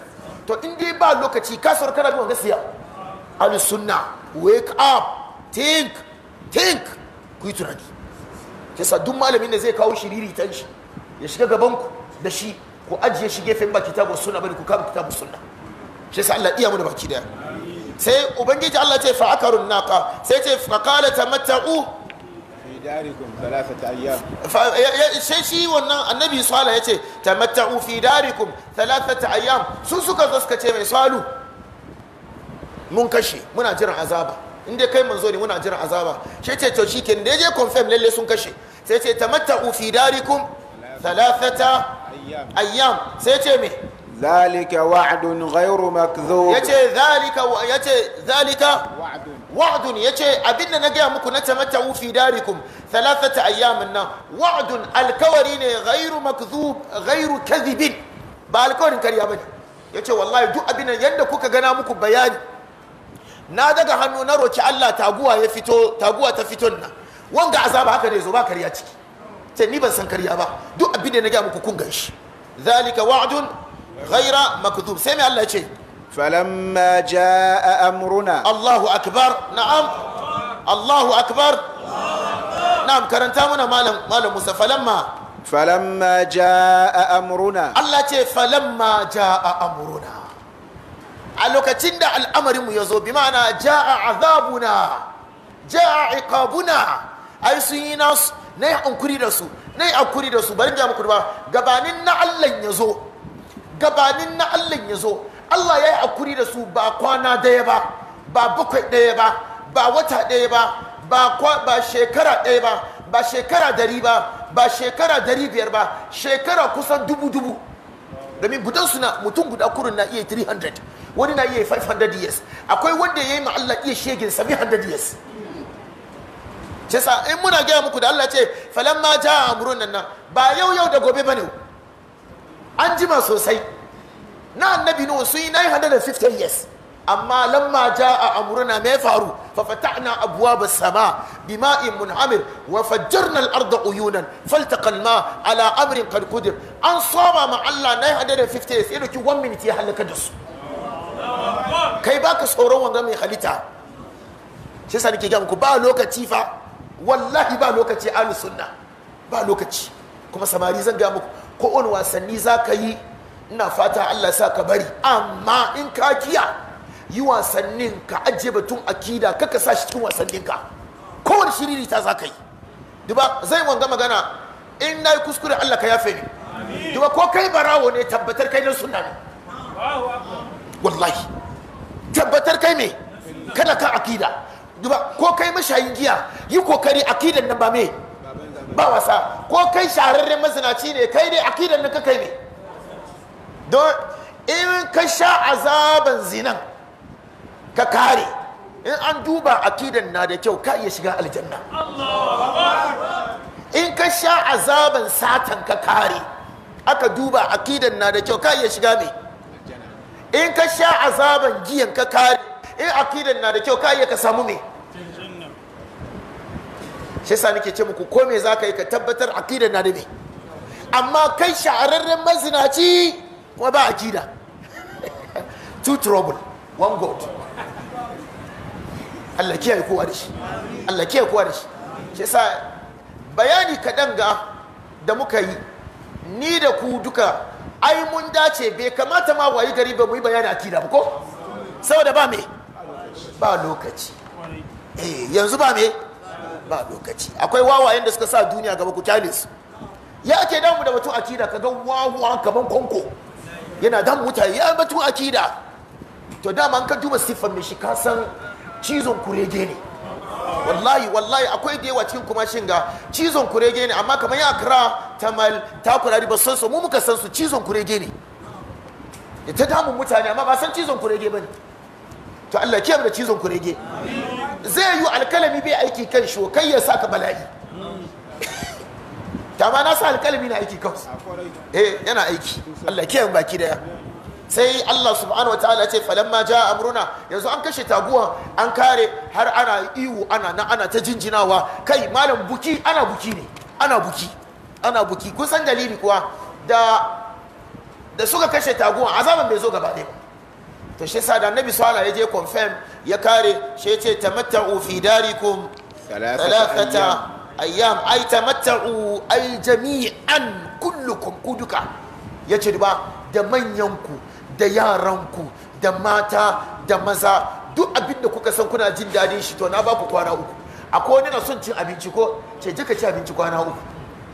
to in dai ba lokaci ka sauri kana bin gaskiya al sunna wake up think think ku yi tunani sa duk malamin da zai kawo shiriri tan shi ya shiga gaban ku da shi ku ajiye shi gefen ba kitabu sunna bane ku kama kitabu sunna shi sa Allah iya mu da baki daya sai ubangiji Allah ce fa'akarun naka sai ce fakala tamatta'u sai shi wannan annabi sala ya ce tamatta'u fi darikum thalathata ayyam su suka zo suka ce mai salu mun kashe muna jiran azaba inda kai mun zo ne muna jiran azaba shi ce to shi kin da je confirm lalle sun kashe sai ce tamatta'u fi darikum thalathata ayyam sai ce mai.
zalika wa'dun ghairu makdhub yace
zalika yace zalika wa'dun wa'dun yace abinda na gaya muku na tamatta'u fi darikum thalathata ayyamin nan wa'dun alkawari ne ghairu makdhub gairu kadhibin ba alkawarin kariya bane yace wallahi duk abinda yanda kuka gana muku bayani na daga hannu na roki Allah taguwa ya fito taguwa ta fiton nan wanga azaba haka ne zo ba kariya ciki ce ni ban san kariya ba duk abinda na gaya muku kun ganshi zalika wa'dun ghaira maktub sai mai Allah ce falamma jaa amruna Allahu akbar na'am Allahu akbar na'am karanta muna malam malam Musa falamma falamma jaa amruna Allah ce falamma jaa amruna a lokacin da al'amarin mu yazo bi ma'ana jaa azabuna jaa iqabuna ai sun yi nasu na yi hankuri da su na yi hankuri da su bari ga muku ba gabanin na Allah ya zo gabanin na Allah ya zo Allah ya yi akuri da su ba kwana ɗaya ba ba bakwai ɗaya ba ba wata ɗaya ba ba shekara ɗaya ba ba shekara dari ba ba shekara dari biyar ba shekara kusan dubu dubu domin gudan suna mutum guda kurun na iya 300 wani na iya 500 years akwai wanda ya yi ma Allah iya shegin 700 years ce sa in muna gaya muku da Allah ce falamma ja amrun nan ba yau yau da gobe ba ne. an jima sosai na annabi nuhu sun yi 950 years amma lamma ja a amruna me faru fa fatahna abwaab as-samaa bima'in munhamir wa fajjarna arda uyunan faltaqa al-ma ala amrin qad qudir an saba ma Allah 950 years ido ki 1 minute ya halaka da su kai baka tsoron wanga mai halitta shi sa nake ga ku ba lokaci fa wallahi ba lokaci ahlus sunna ba lokaci kuma samari zan ga muku kowane wasanni za ka yi ina fata allah sa ka bari amma in ka kiya yi wasannin ka ajiye batun akida kaka sa shi cikin wasannin ka kowane shiriri ta za ka yi duba zai wanga magana in na yi kuskure allah ka yafe ni duba ko kai barawo ne tabbatar kai na sunna ne wallahi tabbatar kai me Kada ka akida duba ko kai mashayin giya yi kokari akidan nan ba me ba wasa ko kai shahararren mazinaci ne kai ne akidan da kai ne don in ka sha azaban zinan ka kare in an duba akidan na da kyau ka iya shiga aljanna in ka sha azaban satan ka kare aka duba akidan na da kyau ka iya shiga mai in ka sha azaban giyan ka kare in akidan na da kyau ka iya ka samu mai shi yasa nake ce muku ko me ka yi ka tabbatar aqidar na da me amma kai shahararren mazinaci kuma ba aqida two trouble one god Allah kiyaye kowa da shi Allah kiyaye kowa da shi shi yasa bayani kaɗan ga da muka yi ni da ku duka ai mun dace bai kamata ma wayi gari ba mu yi bayani aqida ba ko saboda ba me ba lokaci eh yanzu ba me ba lokaci akwai wawayen da suka sa duniya gaba ku kyale su ya ke damu da batun akida ka ga wawa kaman kwanko. yana damu mutane ya batun akida to dama an ka duba siffar mai shi ka san cizon kurege ne wallahi wallahi akwai da yawa cikin kuma shinga cizon kurege ne amma kamar ya kira tamal takurari ba san su mu muka san su cizon kurege ne ita damun mutane amma ba san cizon kurege ba ne to Allah kiyar da cizon kurege zai yi alkalami bai aiki kan shokai ya sa ka bala'i ma na sa alkalami na aiki kansu eh yana aiki Allah kiyan baki daya sai Allah subhanahu wataala ce falamma ja amruna yanzu an kashe taguwa an kare har ana iwu ana na ana ta jinjinawa kai malam buki ana buki ne ana buki ana buki kun san dalili kuwa da da suka kashe taguwa azaban bai zo gaba ɗaya ta shi sa da annabi ya je confirm ya kare shi ce tamatta'u fi darikum thalathata ayyam ay tamatta'u ay jami'an kullukum kuduka ce ba da manyanku da yaranku da mata da maza duk abin da kuka san kuna jin dadin shi to na ba ku kwana uku akwai wani na son cin abinci ko ce jika ci abinci kwana uku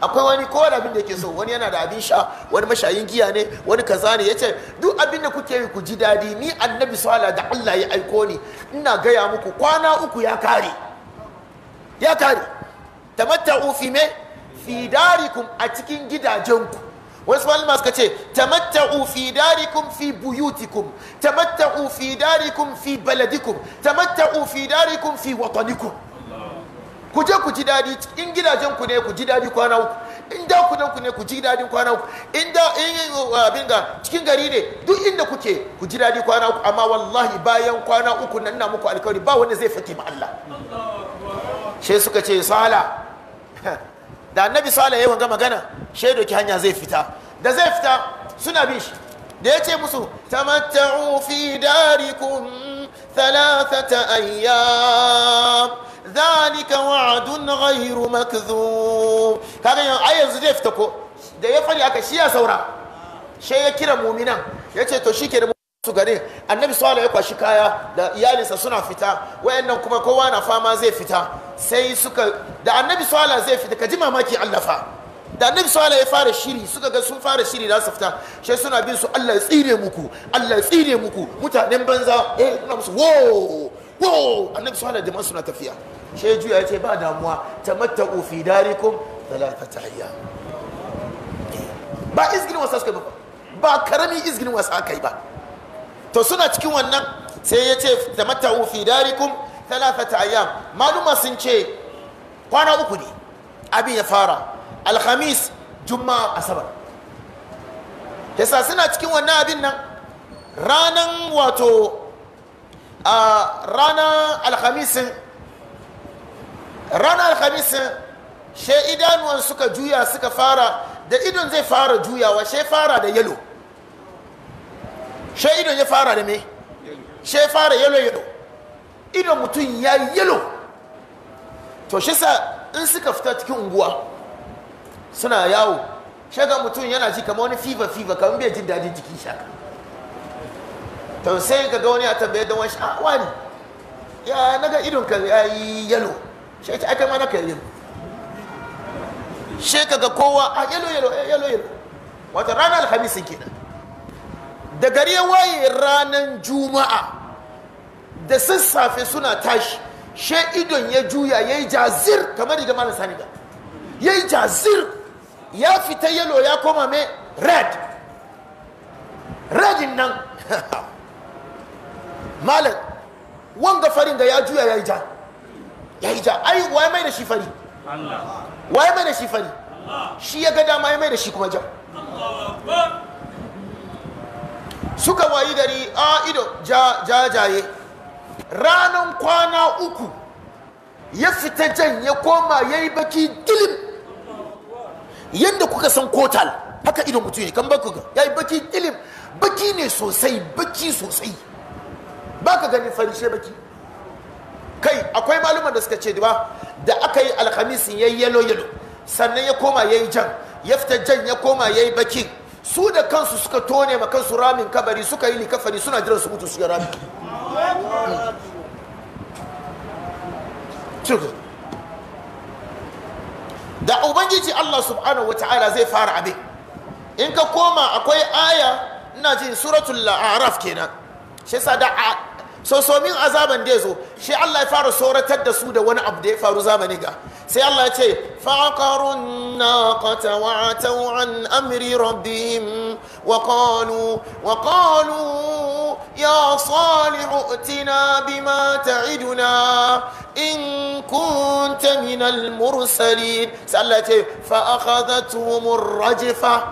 akwai wani kowa da abin da yake so wani yana da abin sha wani mashayin giya ne wani kaza ne yace duk abin da kuke yi ku ji dadi ni annabi sallallahu da Allah ya aiko ni ina gaya muku kwana uku ya kare ya kare tamatta'u fi me fi darikum a cikin gidajenku wasu malama suka ce tamatta'u fi darikum fi buyutikum tamatta'u fi darikum fi baladikum tamatta'u fi darikum fi watanikum ku je ku ji dadi in gidajen ku ne ku ji dadi kwana uku in da ku ku ne ku ji daɗin kwana uku in da in uh, abin ga cikin gari ne duk inda kuke ku ji dadi kwana uku amma wallahi bayan kwana uku nan na muku alkawari ba wanda zai fake ma Allah she suka ce sala da annabi sala yayin ga magana she doki hanya zai fita da zai fita suna bin shi da yace musu tamattu fi darikum ثلاثة أيام ذلك وعد غير مكذوب kaga yanzu ai yanzu zai fita ko da ya fari aka shi ya saura shi ya kira muminan yace to shi ke da su gare annabi sallallahu ya kwashi kaya da iyalinsa suna fita wayannan kuma kowa na fama zai fita sai da annabi sallallahu zai fita ka ji mamaki allafa da su ala ya fara shiri suka ga sun fara shiri za su fita sai suna bin su Allah ya tsire muku Allah ya tsire muku mutanen banza eh suna musu wo wo annabi ala da suna tafiya sai juya ya ce ba damuwa tamatta'u fi darikum thalathata ayyam ba izgin wasa suka ba ba karami izgin wasa kai ba to suna cikin wannan sai ya ce tamatta'u fi darikum thalathata ayyam maluma sun ce kwana uku ne abin ya fara alhamis juma'a asabar yasa suna cikin wannan abin nan ranan wato a ranar alhamisin ranar alhamisin she idanuwan suka juya suka fara da idon zai fara juyawa she fara da yalo she idon ya fara da me she fara yalo yalo idon mutum ya yalo to shi sa in suka fita cikin unguwa suna yawo shaga mutum yana ji kamar wani fever fever kamar bai jin daɗin jikin shaka Tausayin sai ga wani ya tambaye don wani sha'awa ah, ne ya naga idon ka ya yi yalo shai ta aka mana ka yi ka ga kowa a ah, yalo yalo eh, yalo yalo wata ranar alhamis kenan da gari ya waye ranar juma'a da sassafe suna tashi shai idon ya juya ya yi jazir kamar da malam sani ya yi jazir ya fita yalo ya koma mai red redin nan malam wanga farin da ya juya ya yi ja ya yi ja ai waye mai da shi fari waye mai da shi fari shi ya ga dama ya mai da shi kuma ja suka wayi gari a ido jajaye ranan kwana uku ya fita jan ya koma ya yi baki dilim yadda kuka san kotal haka idon mutum ne kan baku ga yi. baki ilim baki ne sosai baki sosai baka ganin farishe baki kai akwai malumar da suka ce ba da aka yi alhamis ya yi yalo yalo sannan ya koma ya yi jan ya fita jan ya koma ya yi baki su da kansu suka tone ma kansu ramin kabari suka yi likafari suna jiran su mutu su ga ramin hmm. da ubangiji Allah subhanahu wata'ala zai fara abin in ka koma akwai aya ina jin suratul araf kenan shi yasa da sosomin azaban da zo shi Allah ya fara soratar da su da wani abu da ya faru zamani ga sai Allah ya ce faqarun naqata wa an amri rabbihim wa qalu wa qalu يا صالح ائتنا بما تعدنا إن كنت من المرسلين سألت فأخذتهم الرجفة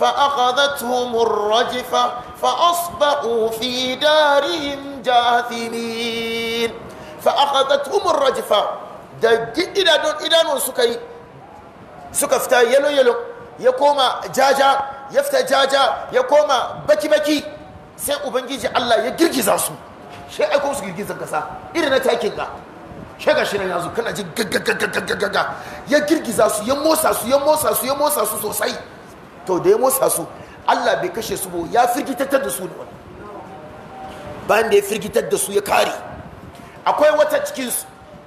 فأخذتهم الرجفة فأصبحوا في دارهم جاثمين فأخذتهم الرجفة دجئنا دون إلى دون سكي سكفتا يلو يلو يقوم جاجا يفتا جاجا يقوم بكي بكي sai ubangiji Allah ya girgiza su shi aiko su girgizar kasa irin na takin ga shaga shi ya yanzu kana jin gaggagagagaga ya girgiza su ya motsa su ya motsa su ya motsa su sosai to da ya motsa su Allah bai kashe su ba ya firgitattar da su ne wannan bayan da ya firgitar da su ya kare akwai wata cikin su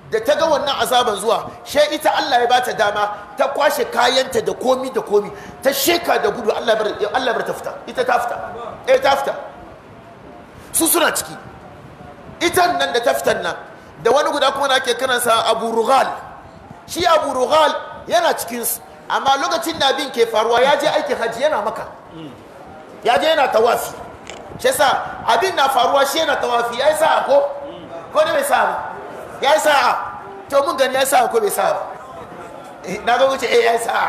da ta ga wannan azaban zuwa she ita Allah ya bata dama ta kwashe kayanta da komi da komi ta sheka da gudu Allah ya bar ta fita ita ta fita eh ta fita su suna ciki itan nan da ta fitan nan da wani guda kuma na ke kiransa abu rugal shi abu rugal yana cikinsu amma lokacin da abin ke faruwa ya je aikin hajji yana maka ya je yana tawafi shi sa abin na faruwa shi yana tawafi ya yi sa'a ko ko ne bai sa'a ba ya yi sa'a to mun gani ya yi sa'a ko bai sa'a ba eh, na ga wuce eh ya yi sa'a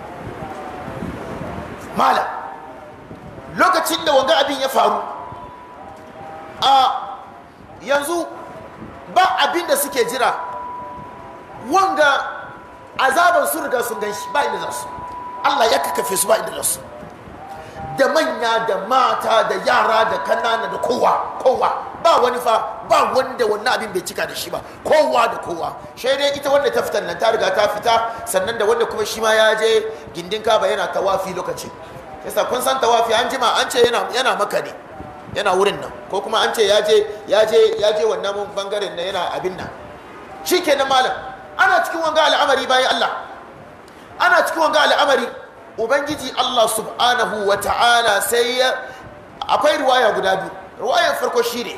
mala lokacin da wanga abin ya faru a yanzu ba abin da suke jira wanga azaban su riga sun gan shi ba inda za su allah ya kakafe su ba inda za su da manya da mata da yara da kanana da kowa kowa ba wani fa ba wanda wannan abin bai cika da shi ba kowa da kowa shi dai ita wanda ta fitan nan ta riga ta fita sannan da wanda kuma shi ma ya je gindin kaba yana tawafi lokacin. yasa kun san tawafi an jima an ce yana maka ne yana wurin nan ko kuma an ce ya je wannan bangaren na yana abin nan na malam ana cikin wanga al'amari bayan Allah ana cikin wanga al'amari ubangiji Allah subhanahu wa ta'ala sai ya akwai ruwaya guda biyu ruwayar farko shi ne.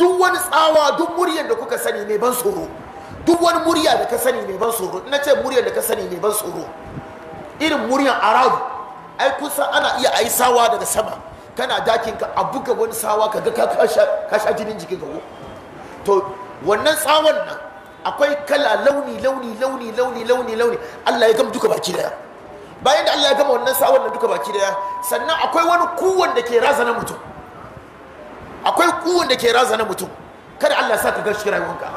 duk wani tsawa duk muryar da kuka sani mai ban tsoro duk wani murya da ka sani mai ban tsoro ina ce muryar da ka sani mai ban tsoro irin muryar arabu ai kun san ana iya ayi sawa daga sama kana dakin ka a buga wani sawa ka ga ka sha jinin jikin ka ko to wannan tsawon nan akwai kala launi launi launi launi launi launi Allah ya gama duka baki daya bayan da Allah ya gama wannan tsawon nan duka baki daya sannan akwai wani kuwon da ke razana mutum akwai kuwan da ke razana mutum kada Allah ya sa ka gashi wanka.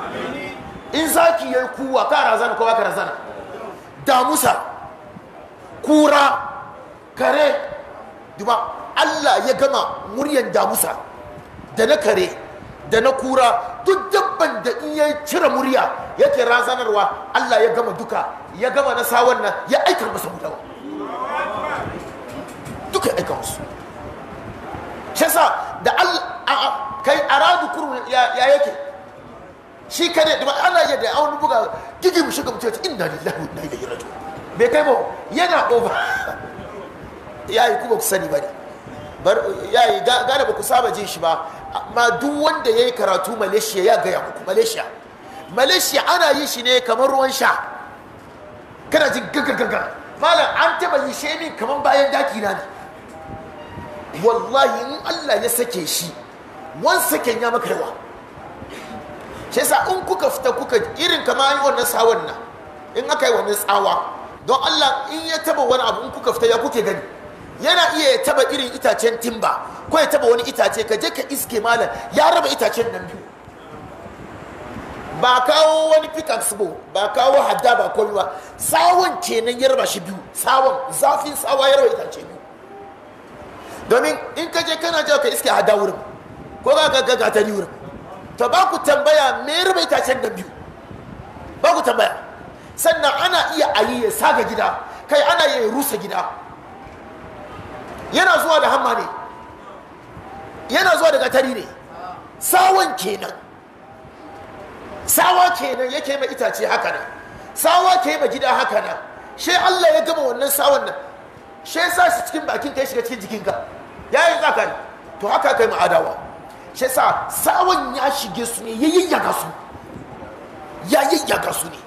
in zaki yayi kuwa ka na ko baka na? damusa kura kare duba Allah ya gama muryan damusa da na kare da na kura duk dabban da in ya cire murya yake razanarwa Allah ya gama duka ya gama na sawan nan ya aika masa mutawa duka ya aika masu. shi sa da Allah kai aradu kurun ya yake shi kare duba Allah ya da an buga gigi mu shiga mutum inna lillahi wa inna ilaihi raji'un bai kai ba yana over yayi kuma ba ku sani bane bar yayi gane ba ku saba jin shi ba amma duk wanda yayi karatu Malaysia ya gaya muku Malaysia Malaysia ana yin shi ne kamar ruwan sha kana jin gagagaga malam an taba yi shemin kamar bayan daki na ne wallahi in Allah ya sake shi wan sake ya maka yawa shi yasa in kuka fita kuka irin kama an yi wannan sawan nan in aka yi wannan tsawa don Allah in ya taba wani abu in kuka fita ya kuke gani yana iya ya taba irin itacen timba ko ya taba wani itace ka je ka iske malam ya raba itacen nan biyu ba kawo wani pickaxe bo ba kawo hadda ba ba tsawon kenan ya raba shi biyu tsawon zafin sawa ya raba itace biyu domin in ka je kana jawo ka iske hadda wurin ko ka ga gatari wurin to ba ku tambaya me ya raba itacen nan biyu ba ku tambaya sannan ana iya ayi ya saga gida kai ana iya rusa gida yana zuwa da hamma ne yana zuwa da gatari ne sawan kenan sawa kenan yake ma itace haka nan sawa ke ma gida haka nan shi Allah ya gama wannan sawan nan shi sa shi cikin bakin kai shiga cikin jikinka ya yi ne to haka kai ma adawa shi sa sawan ya shige su ne ya yayyaga su ya yayyaga su ne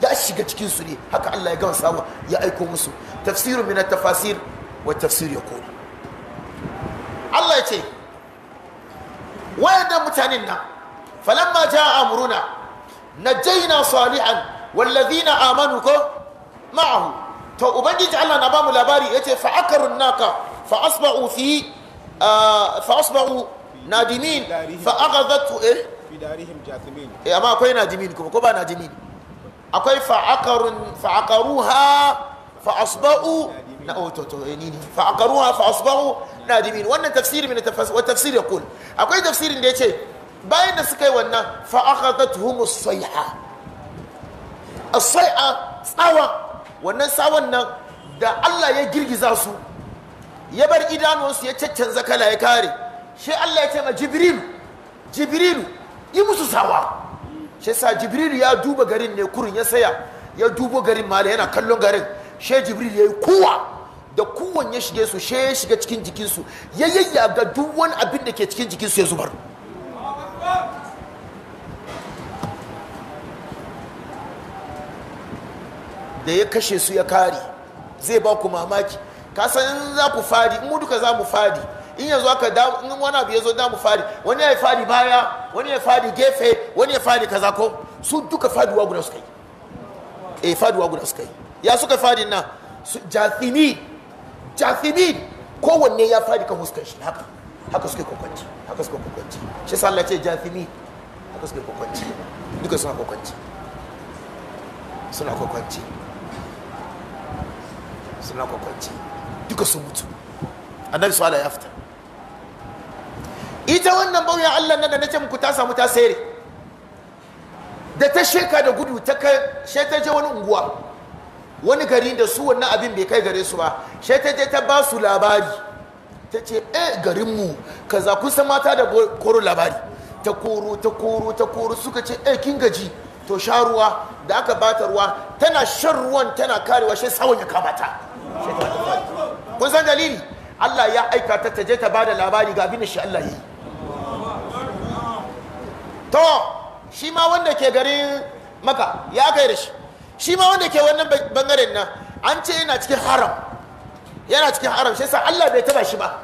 ya shiga cikin su ne haka Allah ya gama sawa ya aiko musu tafsirun min at-tafasir wa tafsir yaqul Allah ya ce wayannan mutanen nan falamma jaa amruna najayna salihan wallazina amanu ko ma'ahu to ubangiji Allah na bamu labari yace fa akarun naka fa asba'u fi fa asba'u nadimin fa aghadhatu eh fi darihim jathimin eh amma akwai ko ba akwai fa fa na auto oh, to eh, ni ne fa aqaruha fa asbahu nadimin wannan tafsiri min tafsir wa tafsir yaqul akwai tafsirin da yace bayan da suka yi wannan fa akhadathum as-sayha as-sayha tsawa wannan tsawon nan da Allah ya girgiza su ya bar idanuwansu ya caccanza kala ya kare shi Allah ya ce ma Jibril Jibril yi musu sawa shi sa Jibril ya duba garin ne kurin ya saya ya dubo garin mala yana kallon garin shi Jibril ya yi kowa da kowanne shige su she ya shiga cikin jikinsu ya yayyaga duk wani abin da ke cikin jikinsu ya zubar da ya kashe su ya kare zai ba ku mamaki ka san in za ku fadi in mu duka za mu fadi in yanzu aka da in wani abu ya zo damu mu fadi wani ya fadi baya wani ya fadi gefe wani ya fadi kaza ko su duka faduwa guda suka yi eh faduwa guda suka yi ya suka fadi na jathimi jathibin kowanne ya fadi kan huskar shi haka haka suke kokwanci haka suke kokwanci shi sa Allah ce jathibin haka suke kokwanci duka suna kokwanci suna kokwanci suna kokwanci duka sun mutu annabi su ya fita ita wannan bauya Allah nan da nace muku ta samu ta sere da ta sheka da gudu ta kai sai ta je wani unguwa wani gari da su wannan abin bai kai gare su ba shi ta je ta ba su labari ta ce eh garinmu kaza kun san mata da koro labari ta koro ta koro ta koro suka ce eh kin gaji to sha ruwa da aka bata ruwa tana shan ruwan tana karewa shi sawon ya kamata kun san dalili Allah ya aika ta ta je ta bada labari ga abin shi Allah yi to shi ma wanda ke garin maka ya kai da shi shi ma wanda ke wannan bangaren nan an ce yana cikin haram yana cikin haram shi yasa Allah bai taba shi ba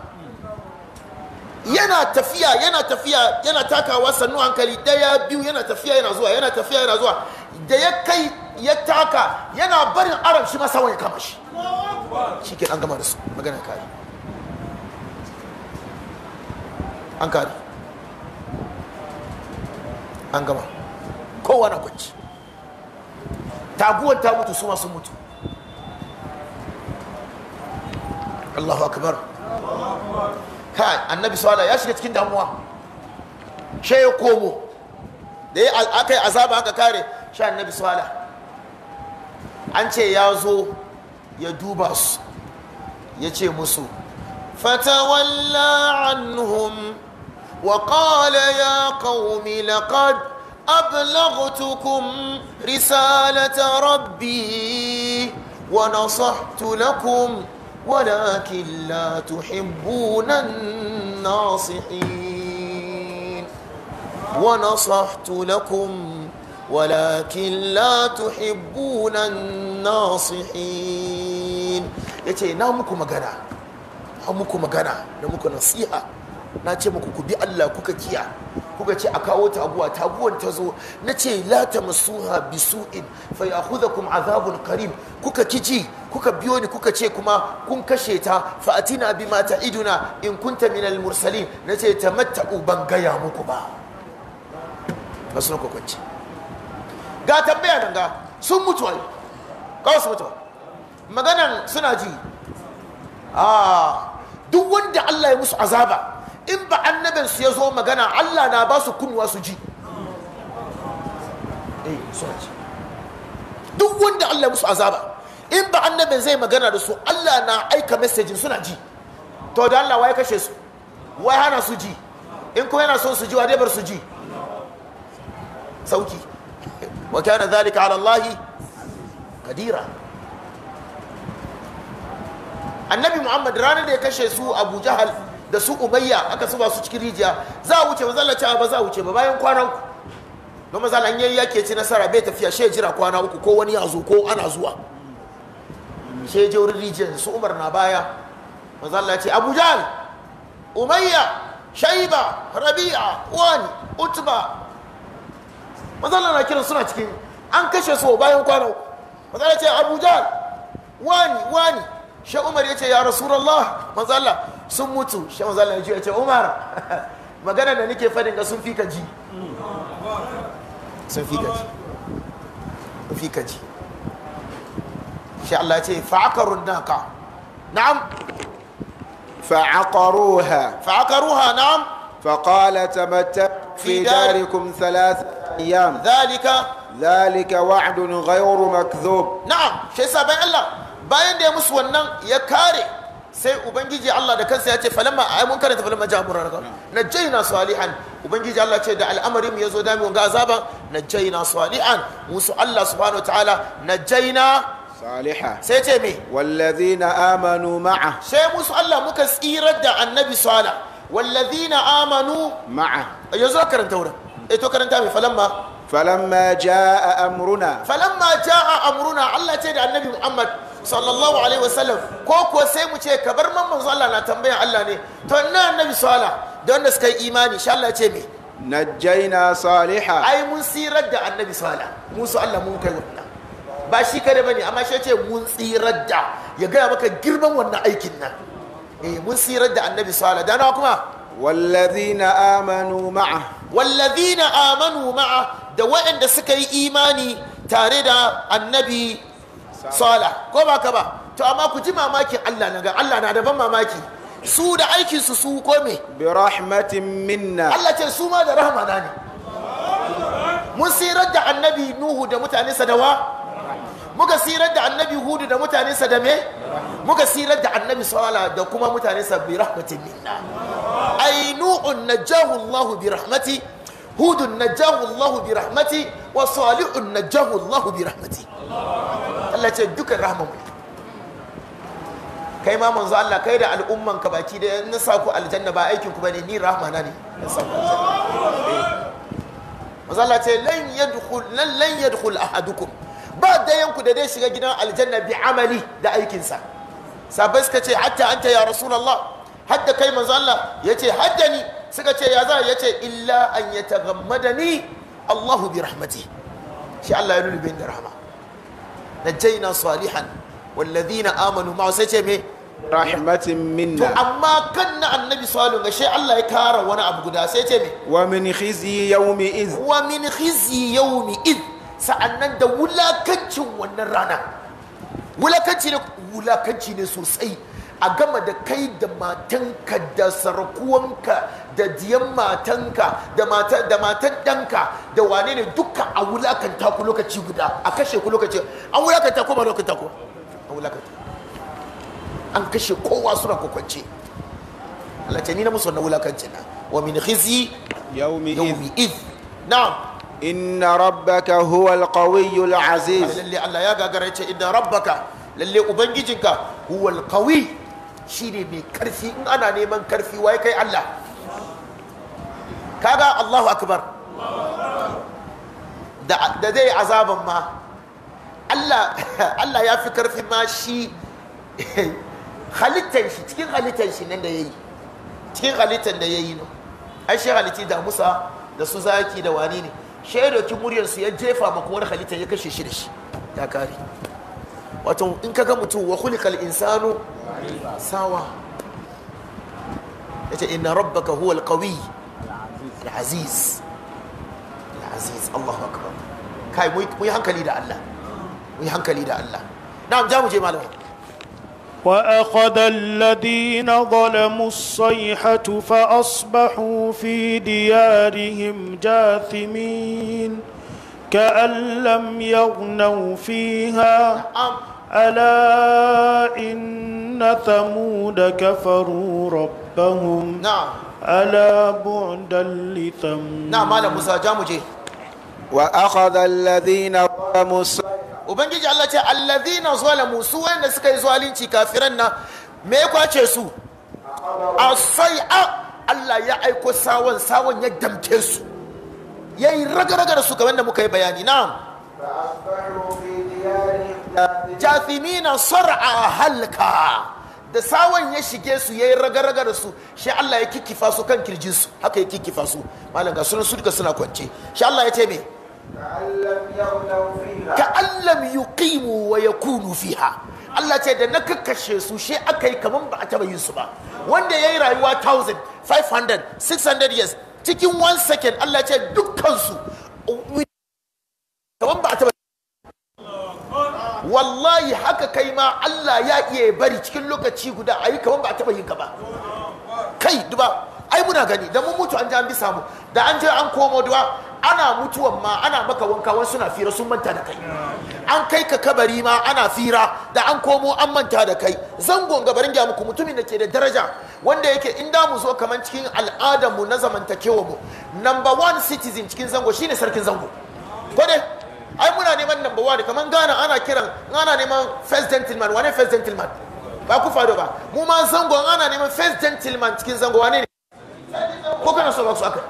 yana tafiya yana tafiya yana takawa sannu hankali daya biyu yana tafiya yana zuwa yana tafiya yana zuwa da ya kai ya taka yana barin aram shi masa wani kama shi shi ke an gama da su magana kari an kari an gama kowa na kwanci taguwar ta mutu su masu mutu Allahu akbar kai annabi sala ya shiga cikin damuwa she ya komo da ya aka yi azaba aka kare shi annabi sala an ce ya zo ya duba su ya ce musu fatawalla anhum wa qala ya qaumi laqad أبلغتكم رسالة ربي ونصحت لكم ولكن لا تحبون الناصحين ونصحت لكم ولكن لا تحبون الناصحين yace na muku magana na muku magana da muku nasiha na ce muku ku bi Allah kuka kiya kuka ce a kawo taguwa taguwan ta zo na ce la ta masuha bisu'in fa kuma azabun karim kuka kici kuka biyo ni kuka ce kuma kun kashe ta fa atina mata iduna. in kunta minal mursalin na ce ta tamatta'u ban gaya muku ba ba su kwakwanci ga tambaya nan ga sun mutu ai kawo su mutu maganan suna ji a ah, duk wanda Allah ya musu azaba in ba annabin ya zo magana Allah na ba su kunnuwa su ji eh, duk wanda Allah musu azaba in ba annabin zai magana da su Allah na aika message suna ji to da Allah waya kashe su waya hana su ji in kuma yana son su ji wa dai bar su ji sauki wa kana dhalika ala Allah kadira annabi Muhammad ranar da ya kashe su Abu Jahal da su umayya aka zuba su cikin rijiya za a wuce ba zalla cewa ba za a wuce ba bayan kwanan ku don mazala yayi yake ci nasara bai tafiya shi jira kwana uku ko wani ya zo ko ana zuwa shi je wurin rijiyar su umar na baya mazalla ce abu jahl umayya shaiba rabi'a wani utba mazalla na kiran suna cikin an kashe su bayan kwana uku mazalla ce abu jahl wani wani shi umar ya ce ya rasulullah mazalla sun mutu shi manzo Allah ya ce Umar magana da nake fadin ga sun fi ka ji sun fi ka ji sun fi ka ji shi Allah ce fa'akarun naka na'am فعقروها فعقروها نعم
فقال تمتع في داركم ثلاث
أيام ذلك ذلك وعد Na'am, مكذوب نعم شيء سابع الله باين musu wannan ya kare. sai ubangiji Allah da kansa ya ce falamma ai mun karanta falamma ja burarka najjayna salihan ubangiji Allah ce da al'amarin mu yazo dami wanga azaba najjayna salihan musu Allah subhanahu wataala najjayna salihan sai ce me wallazina amanu ma'a sai musu Allah muka tsirar da annabi salih wallazina amanu ma'a yazo karanta wurin eh to karanta me falamma falamma jaa amruna falamma jaa amruna Allah ce da annabi Muhammad sallallahu alaihi wasallam ko kuwa sai mu ce ka bar man manzo Allah na tambaya Allah ne to na annabi sala da wanda suka yi imani insha Allah ce me najjaina saliha ai mun sirar da annabi sala mu su Allah mun kai wannan ba shi kare bane amma shi ce mun tsirar da ya gaya maka girman wannan aikin nan eh mun sirar da annabi sala da na kuma wallazina amanu ma'a wallazina amanu ma'a da waɗanda suka yi imani tare da annabi sala ko ba ka ba to amma ku ji mamakin Allah na ga Allah na daban mamaki su da aikin su su ko me bi rahmatin minna Allah ce su ma da rahama na ne mun sirar da annabi nuhu da mutane wa, muka sirar da annabi hudu da mutane sa da me muka sirar da annabi sala da kuma mutane sa bi rahmatin minna ai nu'un najahu Allah bi rahmati hudun najahu Allah bi rahmati wa salihun najahu Allah bi rahmati Allah ce dukkan rahmamu ne kai ma manzo Allah kai da al'umman ka baki da na sa ku aljanna ba aikin ku bane ni rahmana ne na sa manzo Allah ce lan yadkhul lan lan yadkhul ahadukum ba da yanku da dai shiga gidan aljanna bi amali da aikin sa sabai suka ce hatta anta ya rasulullah hadda kai manzo Allah yace hatta ni suka ce ya za yace illa an yatagammadani Allahu bi rahmatihi shi Allah ya lulube ni da najjayna salihan walladhina amanu ma sai ce me rahmatin minna to amma kan na annabi salihun ga shi Allah ya kara wani abu guda sai ce me wa min khizyi yawmi iz wa min khizyi yawmi iz sa'annan da wulakancin wannan rana wulakanci ne wulakanci ne sosai a gama da kai da matanka da sarkuwanka da diyan matanka da matan da matan danka da wane ne duka a wulakanta taku lokaci guda a kashe ku lokaci an wulakanta ko ba lokanta taku? an wulakanta an kashe kowa suna kwakwance Allah ta ni na musu na wulakanci na wa min khizi yawmi id na'am inna rabbaka huwal qawiyyul aziz lalle Allah ya gagara ce inna rabbaka lalle ubangijinka huwal qawi shine mai karfi in ana neman karfi waye kai Allah kaga Allahu akbar da da zai azaban ma Allah Allah ya fi karfi ma shi halittar shi cikin halittar shi nan da yayi cikin halittar da yayi no ai shi halitti da Musa da su zaki da wani ne shi ya muryar su ya jefa ma wani halittar ya kashe shi da shi ya kare wato in kaga mutum wa khuliqal insanu sawa yace inna rabbaka huwal qawi al Allahu akbar kai mu yi hankali da Allah mu yi hankali da Allah na'am ja mu je malama
وأخذ الذين ظلموا الصيحة فأصبحوا في ديارهم جاثمين كأن لم يغنوا فيها ألا إن ثمود كفروا ربهم ألا بعدا لثمود نعم مالا موسى
جامجي وأخذ الذين ظلموا Ubangiji Allah ce allazina zalamu su wanda suka yi zalunci kafiran na, me ya kwace su a sai Allah ya aiko sawan sawan ya damke su yayi ragaraga da su kamar da muka yi bayani na jathimina a halka da sawan ya shige su yayi ragaraga da su shi Allah ya kikifa su kan kirjin su haka ya kikifa su malam ga sunan su suna kwance shi Allah ya ce me ka'allam yuqimu wa yakunu fiha Allah ce da na kakashe su shi aka yi kamar ba a taba yin su ba wanda ya yi rayuwa 1000 500 600 years cikin one second Allah ce dukkansu kaman ba a taba wallahi haka kai ma Allah ya iya bari cikin lokaci guda a yi kaman ba a taba yin ka ba kai duba ai muna gani da mun mutu an je an bi samu da an je an komo duwa ana mutuwan ma ana maka wanka wasu suna fira sun manta da kai an kai ka kabari ma ana fira da an komo an manta da kai zangon gabarin ga muku mutumin da ke da daraja wanda yake in da mu zo kamar cikin al'adar mu na zamantakewa mu number one citizen cikin zango shine sarkin zango ko ne ai muna neman number one kamar gana ana kiran ana neman first gentleman wane first gentleman ba ku fado ba mu ma zango ana neman first gentleman cikin zango wane ne ko kana so ba su aka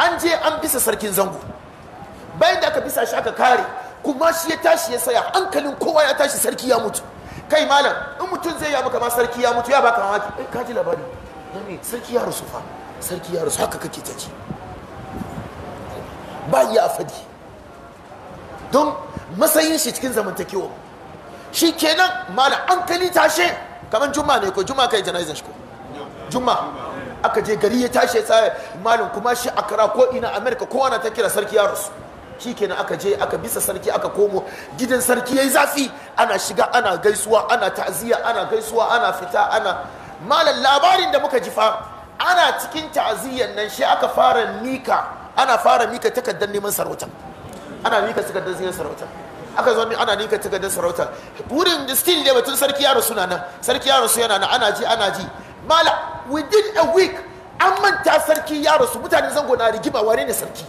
an je an bisa sarkin zango bayan da aka bisa shi aka kare kuma shi ya tashi ya saya hankalin kowa ya tashi sarki ya mutu kai malam in mutum zai ya maka ma sarki ya mutu ya baka mamaki eh ka ji labari dan sarki ya rusu fa sarki ya rusu haka kake ta ci ba ya fadi don matsayin shi cikin zamantakewa shi kenan malam an kali tashe kamar juma ne ko juma kai jana'izar shi ko juma aka je gari ya tashe sai malam kuma shi akara ko ina america kowa na ta kira sarki ya rusu na aka je aka bisa sarki aka komo gidan sarki ya yi zafi ana shiga ana gaisuwa ana ta'aziyya ana gaisuwa ana fita ana malam labarin da muka ji fa ana cikin ta'aziyyar nan shi aka fara mika ana fara mika takardar neman sarauta ana mika takardar neman sarauta aka zo ana nika takardar sarauta wurin still da batun sarki yaro suna nan sarki yaro su yana nan ana ji ana ji mala within a week an manta sarki yaro su mutane zango na rigima wane ne sarki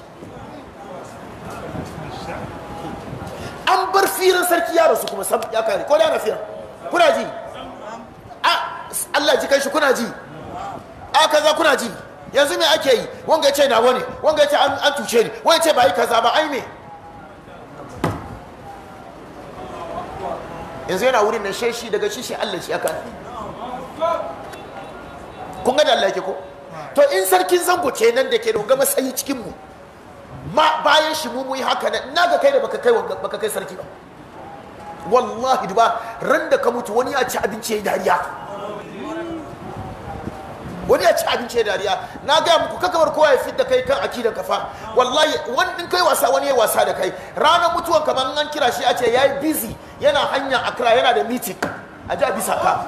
an bar firin sarki ya rasu kuma ya kare ko da na kuna ji Allah ji kai shi kuna ji a kaza kuna ji yanzu me ake yi wanga ce na wani wanga ce an tuce ni wani ce ba yi kaza ba ai me yanzu yana wurin nan sheshi daga shishi Allah shi ya kare. kun ga da Allah yake ko to in sarkin zango ce nan da ke dogama gama cikin mu ma bayan shi mu haka na ga kai da baka kai baka kai sarki ba wallahi duba ran da ka mutu wani ya ci abinci ya yi dariya wani ya ci abinci ya dariya na gaya muku kakabar kowa ya da kai kan da kafa wallahi wani ɗin kai wasa wani ya wasa da kai ranar mutuwan kamar an kira shi a ce ya yi busy yana hanyar akra yana da meeting a ji a bisa ka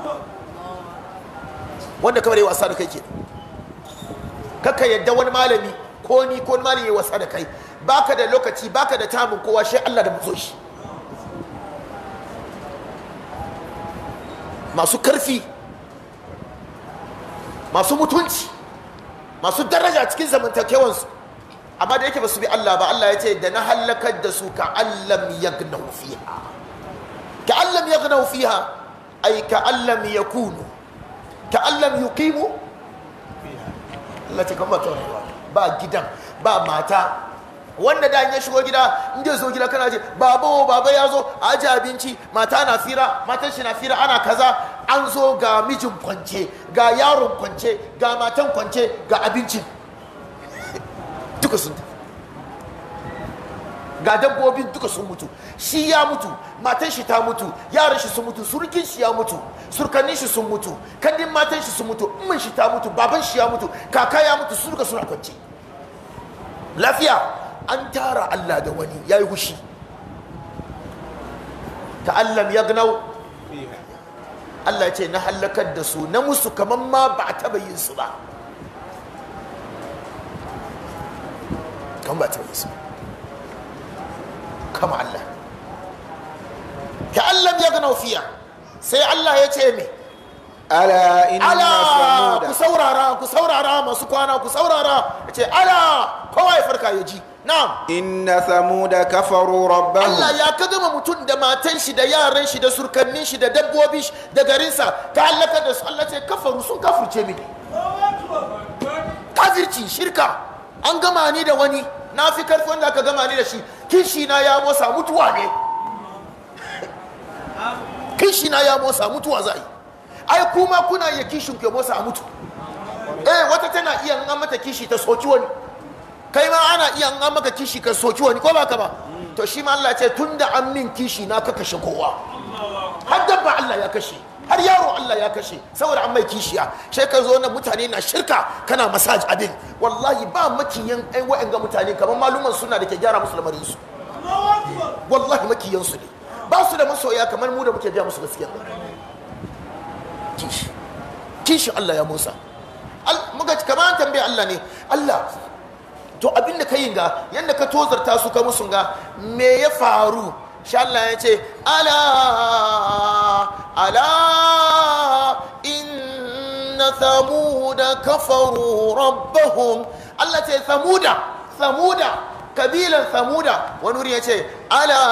wanda kamar ya wasa da kai ke kaka yadda wani malami ko ni ko mali ya wasa da kai baka da lokaci baka da tamun kowa shi Allah da mazo shi masu karfi masu mutunci masu daraja cikin zamantakewansu amma da yake ba su bi Allah ba Allah ya ce da na halakar da su ka Allah allam yagnahu fiha ka Allah allam yagnahu fiha ay ka Allah allam kunu. ka allam yuqimu Allah ta kamba ta ba gidan ba mata wanda da ya shigo gida inda zo gida kana ce baba baba ya zo a ji abinci mata na fira matan shi na fira ana kaza an zo ga mijin kwance ga yaron kwance ga matan kwance ga abincin duka sun ga dabbobin duka sun mutu shi ya mutu matan shi ta mutu yaran shi sun mutu surkin shi ya mutu surkannin shi sun mutu kandin matan shi sun mutu umman shi ta mutu baban shi ya mutu kaka ya mutu su suna kwance lafiya an tara Allah da wani ya yi hushi ta'allam ya gnau Allah ce na hallakar da su na musu kamar ma ba a taba yin su ba kamar ba a taba yin su kama Allah ka'allam ya gano fiya sai Allah ya ce me ala inna ala ku saurara ku saurara masu kwana ku saurara ya ce ala kowa ya farka ya ji na'am inna samuda kafaru rabbahu Allah ya kadama mutum da matan shi da yaran shi da surkannin shi da dabbobi shi da garinsa ta halaka da su Allah ce kafaru sun kafirce mini kafirci shirka an gama ni da wani na fi karfi wanda aka gama ni da shi kishi na ya motsa mutuwa ne kishi na ya motsa mutuwa wa za'i ai kuma kuna iya kishin ku ya motsa a mutu eh wata tana iya an mata kishi ta soki wani kai ma ana iya an maka kishi ka soki wani ko baka ba to shi ma Allah ce tunda an min kishi na ka kashe kowa har dabba Allah ya kashe har yaro Allah ya kashe saboda an mai kishiya sai ka zo na mutane na shirka kana masaj abin wallahi ba makiyan ai eh, wa'anga mutane kamar maluman suna da ke gyara musu su wallahi makiyan su ne ba su da masoya kamar mu da muke biya musu gaskiya kishi kishi Allah ya Musa muka kamar tambaye Allah ne Allah to abin da ka ga yadda ka tozarta su ka musu ga me ya faru sha Allah ya ce ala ala inna thamuda kafaru rabbahum Allah ce samuda thamuda kabilan samuda wani wuri ya ce ala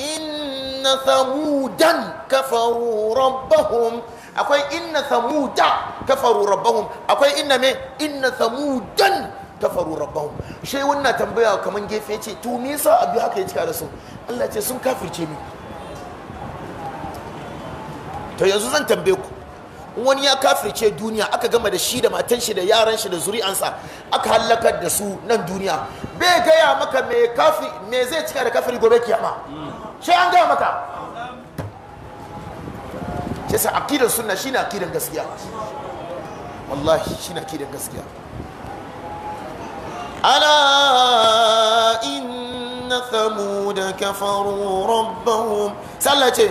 inna samudan kafaru rabbahum akwai inna samuda kafaru rabbahum akwai inna me inna samudan kafaru rabbahum shi wannan tambaya kaman gefe ce to nisa a abu haka ya cika da su Allah ce sun kafirce ni to yanzu zan tambaye ku wani ya kafirce duniya aka gama da shi da matan shi da yaran shi da zuri'ansa aka halakar da su nan duniya bai gaya maka me kafi me zai cika da kafiri gobe kiyama sai an gaya maka sai sa aqidar sunna shine aqidar gaskiya wallahi shi shine aqidar gaskiya ala inna thamuda kafaru rabbahum sallace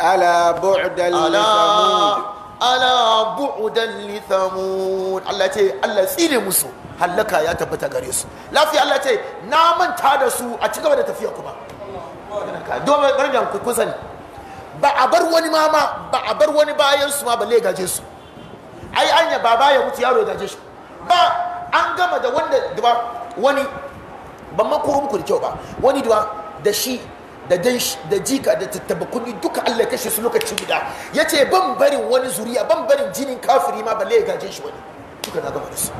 ala bu'dan li thamud ala bu'udan li thamud Allah ce Allah tsire musu hallaka ya tabbata gare su lafiya Allah ce na manta da su a cigaba da tafiya kuma domin garjan ku kusan ba a bar wani ma ba a bar wani bayan su ma balle gaje su ai anya baba ya mutu yaro gaje shi ba an gama da wanda duba wani ban makurum ku da kyau ba wani duba da shi da jika da tattaba kunni duka Allah ya kashe su lokaci guda ya ce ban barin wani zuriya ban barin jinin kafiri ma balle ya gaje shi wani duka na gama da su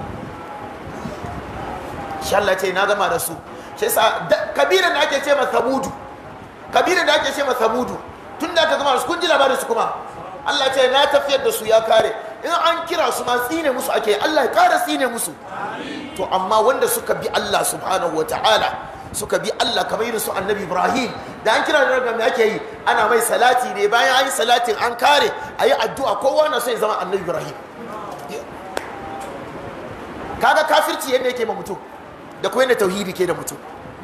shi Allah ce na gama da su shi sa kabilan da ake ce ma sabudu kabilan da ake ce ma sabudu tun da aka gama su kun ji labarin su kuma Allah ce na tafiyar da su ya kare in an kira su ma tsine musu ake Allah ya kara tsine musu to amma wanda suka bi Allah subhanahu wataala suka bi Allah kamar irin su annabi Ibrahim da an kira da me ake yi ana mai salati ne bayan an yi salatin an kare a yi addu'a kowa na so ya zama annabi Ibrahim kaga kafirci yadda yake ma mutum da kuma yadda tauhidi ke da mutum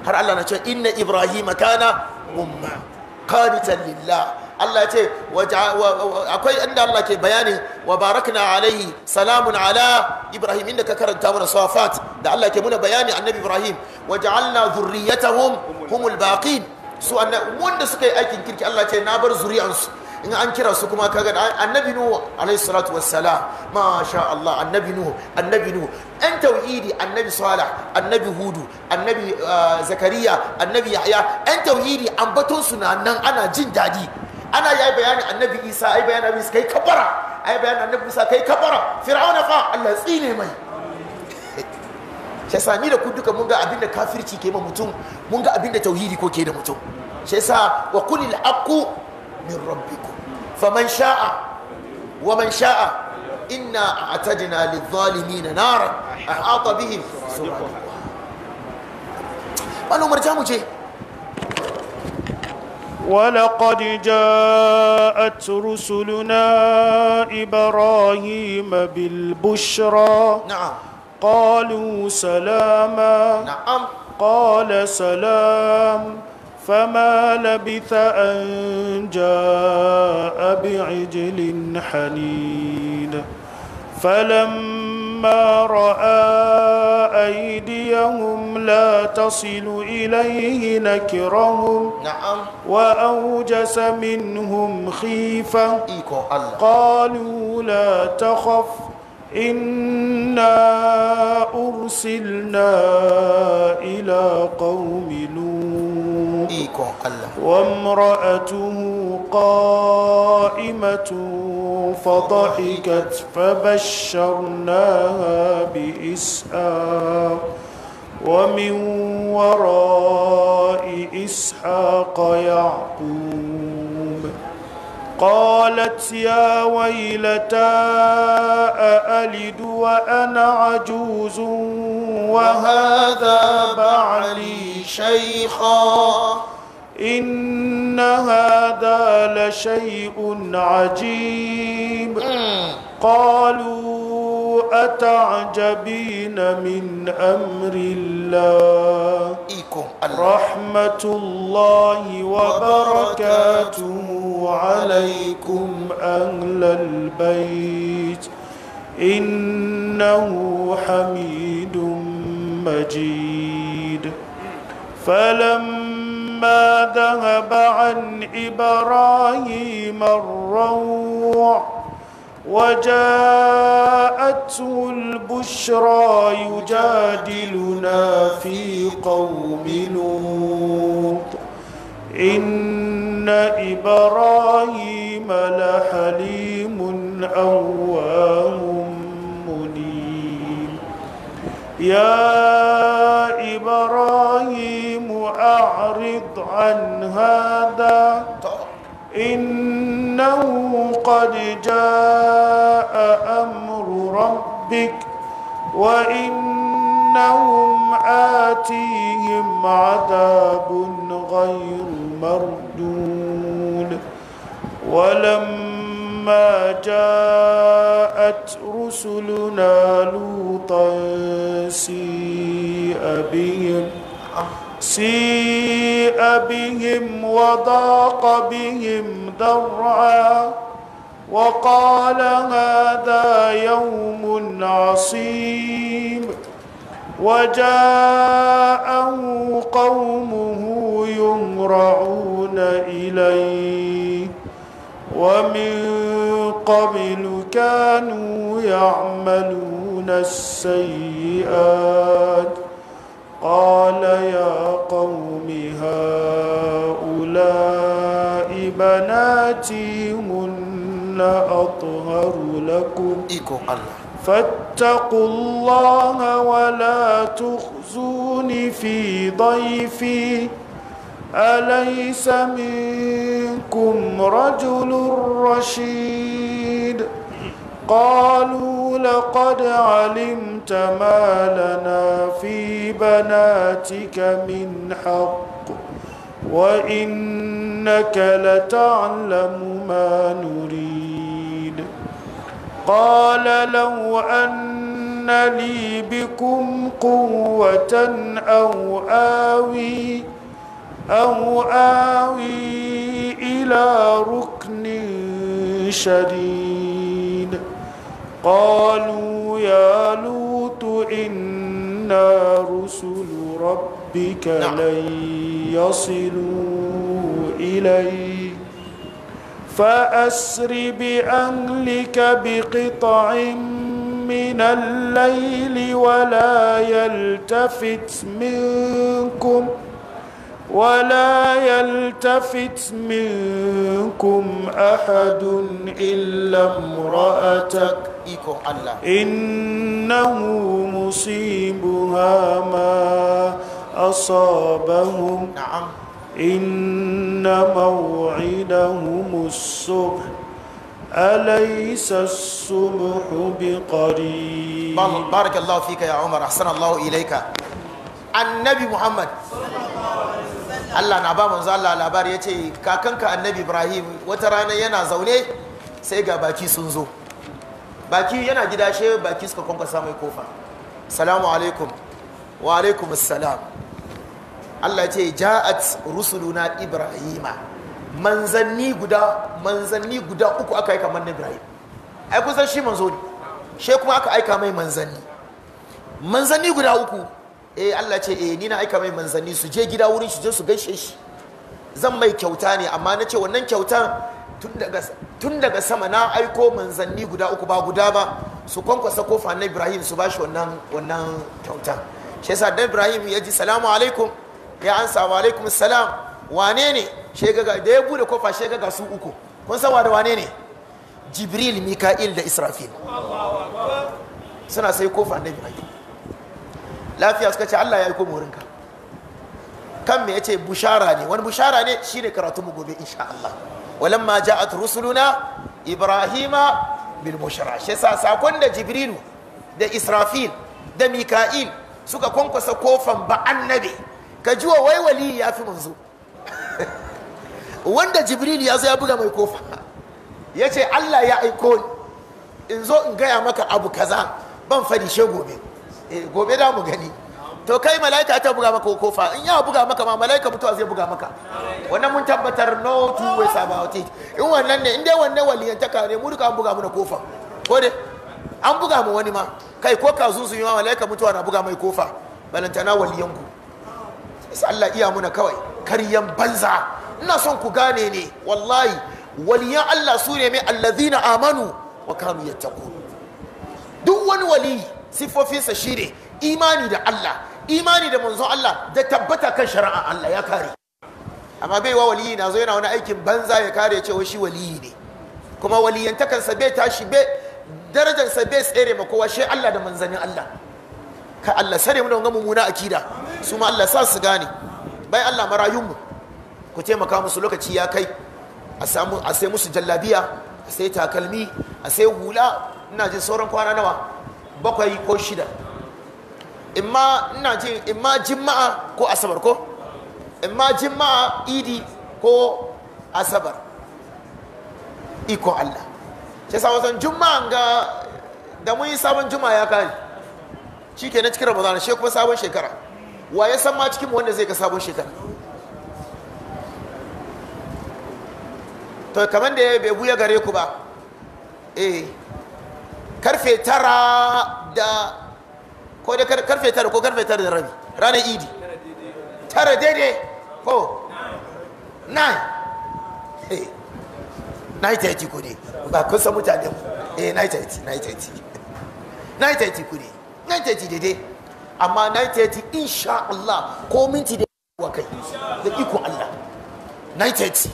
har Allah na cewa inna Ibrahim kana umma qanitan lillah Allah ce akwai inda Allah ke bayani wa barakna alaihi salamun ala Ibrahim inda ka karanta mana safat da Allah ke muna bayani annabi Ibrahim wa ja'alna dhurriyyatahum humul baqin su wanda suka yi aikin kirki Allah ce na bar zuri'ansu in an kira su kuma kaga annabi nuhu alayhi salatu wassalam masha Allah annabi nuhu annabi nuhu an tauhidi annabi salih annabi hudu annabi ah, zakariya annabi yahya an tauhidi ambaton su na nan ana jin dadi ana yi bayani annabi isa ai bayani annabi isa kai kabara ai bayani annabi isa kai kabara fir'auna fa Allah tsine mai shi yasa ni da ku duka mun ga abinda kafirci ke ma mutum mun ga abinda tauhidi ko ke da mutum shi yasa wa kulil aqu min rabbikum faman sha'a wa man sha'a إنا أعتدنا للظالمين نارا أحاط بهم سرادقها
قالوا مرجعوا ce. ولقد جاءت رسلنا إبراهيم بالبشرى نعم قالوا سلاما نعم قال سلام فما لبث أن جاء بعجل حنين فلما ما رأى أيديهم لا تصل إليه نكرهم نعم وأوجس منهم خيفة قالوا لا تخف إنا أرسلنا إلى قوم لوط وامرأته قائمة فضحكت فبشرناها بإسحاق ومن وراء إسحاق يعقوب قالت يا ويلتى أألد وأنا عجوز وهذا بعلي شيخا إن هذا لشيء عجيب قالوا أتعجبين من أمر الله رحمة الله وبركاته عليكم أهل البيت إنه حميد مجيد فلما ذهب عن إبراهيم الروع وجاءته البشرى يجادلنا في قوم لوط إن إبراهيم لحليم أواه يا إبراهيم أعرض عن هذا إنه قد جاء أمر ربك وإنهم آتيهم عذاب غير مردود ولما لما جاءت رسلنا لوطا سيء بهم سيء بهم وضاق بهم ذرعا وقال هذا يوم عصيب وجاءه قومه يمرعون إليه ومن قبل كانوا يعملون السيئات قال يا قوم هؤلاء بناتي هن أطهر لكم فاتقوا الله ولا تخزوني في ضيفي أليس منكم رجل رشيد قالوا لقد علمت ما لنا في بناتك من حق وإنك لتعلم ما نريد قال لو أن لي بكم قوة أو آوي أو آوي إلى ركن شديد قالوا يا لوط إنا رسل ربك نعم. لن يصلوا إليك فأسر بأهلك بقطع من الليل ولا يلتفت منكم ۖ ولا يلتفت منكم أحد إلا امرأتك إنه مصيبها ما أصابهم نعم إن موعدهم الصبح أليس الصبح بقريب
بارك الله فيك يا عمر أحسن الله إليك النبي محمد Allah na ba manzo Allah labari ya ce kakanka annabi Ibrahim wata rana yana zaune sai ga baki sun zo baki yana gida she baki suka kwankwasa mai kofa salamu alaikum wa alaikum assalam Allah ce ja'at rusuluna Ibrahima manzanni guda manzanni guda uku aka aika manzo Ibrahim ai kusan shi manzo ne she kuma aka aika mai manzanni manzanni guda uku eh Allah ce eh ni na aika mai manzanni su je gida wurin shi je su gaishe shi zan mai kyauta ne amma na ce wannan kyauta tun daga sama na aiko manzanni guda uku ba guda ba su kwankwasa kofa na Ibrahim su bashi wannan wannan kyauta. shi yasa da Ibrahim ya ji salamu alaikum ya ansa wa alaikum salam wane ne shi ga da ya bude kofa shi ga su uku kun san wa da wane ne Jibril Mika'il da Israfil suna sai kofa na Ibrahim lafiya suka ce Allah ya aiko mu wurinka kan me yace bushara ne wani bushara ne shine karatu mu gobe insha Allah walamma ja'at rusuluna ibrahima bil bushara shi yasa sakon da jibrilu da israfil da mika'il suka kwankwasa kofan ba annabi ka ji wa wai wali ya fi manzo wanda jibril ya zo ya buga mai kofa ya ce Allah ya aiko in zo in gaya maka abu kaza ban fadi shi gobe Eh, gobe da mu gani to kai malaika ta buga maka kofa in ya buga maka ma malaika mutuwa zai buga maka wannan mun tabbatar no two ways about it in wannan ne in dai wannan ta kare mu duka an buga mana kofa ko dai an buga mu wani ma kai ko ka zunzun yawa malaika mutuwa na buga mai kofa balantana waliyanku sai Allah iya muna kawai karyan banza ina son ku gane ne wallahi waliyan Allah su ne mai allazina amanu wa kanu yattaqun duk wani waliyi shi ne imani da Allah imani da manzo Allah da tabbata kan shari'a Allah ya kare amma bai wa waliyi na zo yana wani aikin banza ya kare cewa shi waliyi ne kuma waliyantakansa bai tashi bai darajarsa bai tsere ma kowa shi Allah da manzanin Allah ka Allah sare mu da wannan mummuna akida su ma Allah sa su gane bai Allah marayun mu ku taimaka musu lokaci ya kai a samu a sai musu jallabiya a sai takalmi a sai hula ina jin sauran kwana nawa bakwai ko shida imma ina ji imma jima'a ko asabar ko imma jima'a idi ko asabar iko Allah shi sa wasan juma'a ga da mun yi sabon juma'a ya kare shi ke na cikin ramadan shi kuma sabon shekara wa ya san ma cikin wanda zai ka sabon shekara to kamar da ya bai buya gare ku ba eh karfe tara da ko da karfe tara ko karfe tara da rabi ranar idi tara daidai ko nine eh nine thirty ku ne ba kun san mutane mu eh nine thirty nine thirty nine thirty ku ne nine thirty daidai amma nine thirty insha Allah ko minti da wa kai da ikon Allah nine thirty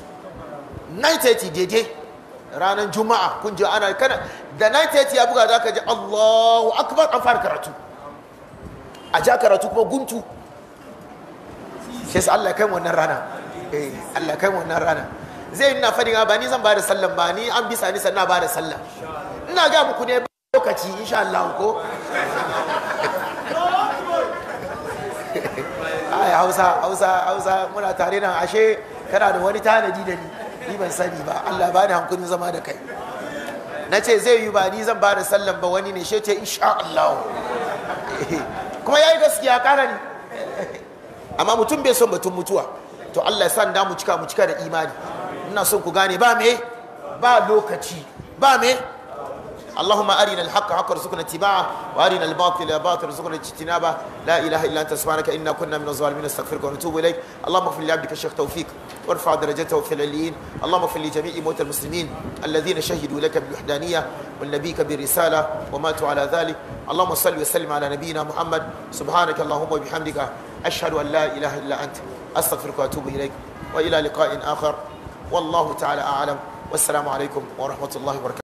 nine thirty daidai ranar juma'a kun ji ana kana da 9:30 ya buga za ka ji allahu akbar an fara karatu a ja karatu kuma guntu shi allah kai wannan rana eh allah kai wannan rana zai ina fadin ba ni zan bada sallan ba ni an bisa ni sannan bada sallan ina ga muku ne lokaci insha allah ko ai hausa hausa hausa muna tare nan ashe kana da wani tanadi da ni ni ban sani ba Allah ba ni hankulin zama da kai na ce zai yi ba ni zan ba da sallan ba wani ne shi ce insha Allah kuma ya yi gaskiya kara ni amma mutum bai son batun mutuwa to Allah ya sanda mu cika mu cika da imani ina son ku gane ba me ba lokaci ba me اللهم أرنا الحق حقا ارزقنا اتباعه وأرنا الباطل باطلا ارزقنا اجتنابه لا إله إلا أنت سبحانك إنا كنا من الظالمين استغفرك ونتوب إليك اللهم اغفر لعبدك الشيخ توفيق وارفع درجته في العليين اللهم اغفر لجميع موتى المسلمين الذين شهدوا لك بالوحدانية والنبيك بالرسالة وماتوا على ذلك اللهم صل وسلم على نبينا محمد سبحانك اللهم وبحمدك أشهد أن لا إله إلا أنت أستغفرك وأتوب إليك وإلى لقاء آخر والله تعالى أعلم والسلام عليكم ورحمة الله وبركاته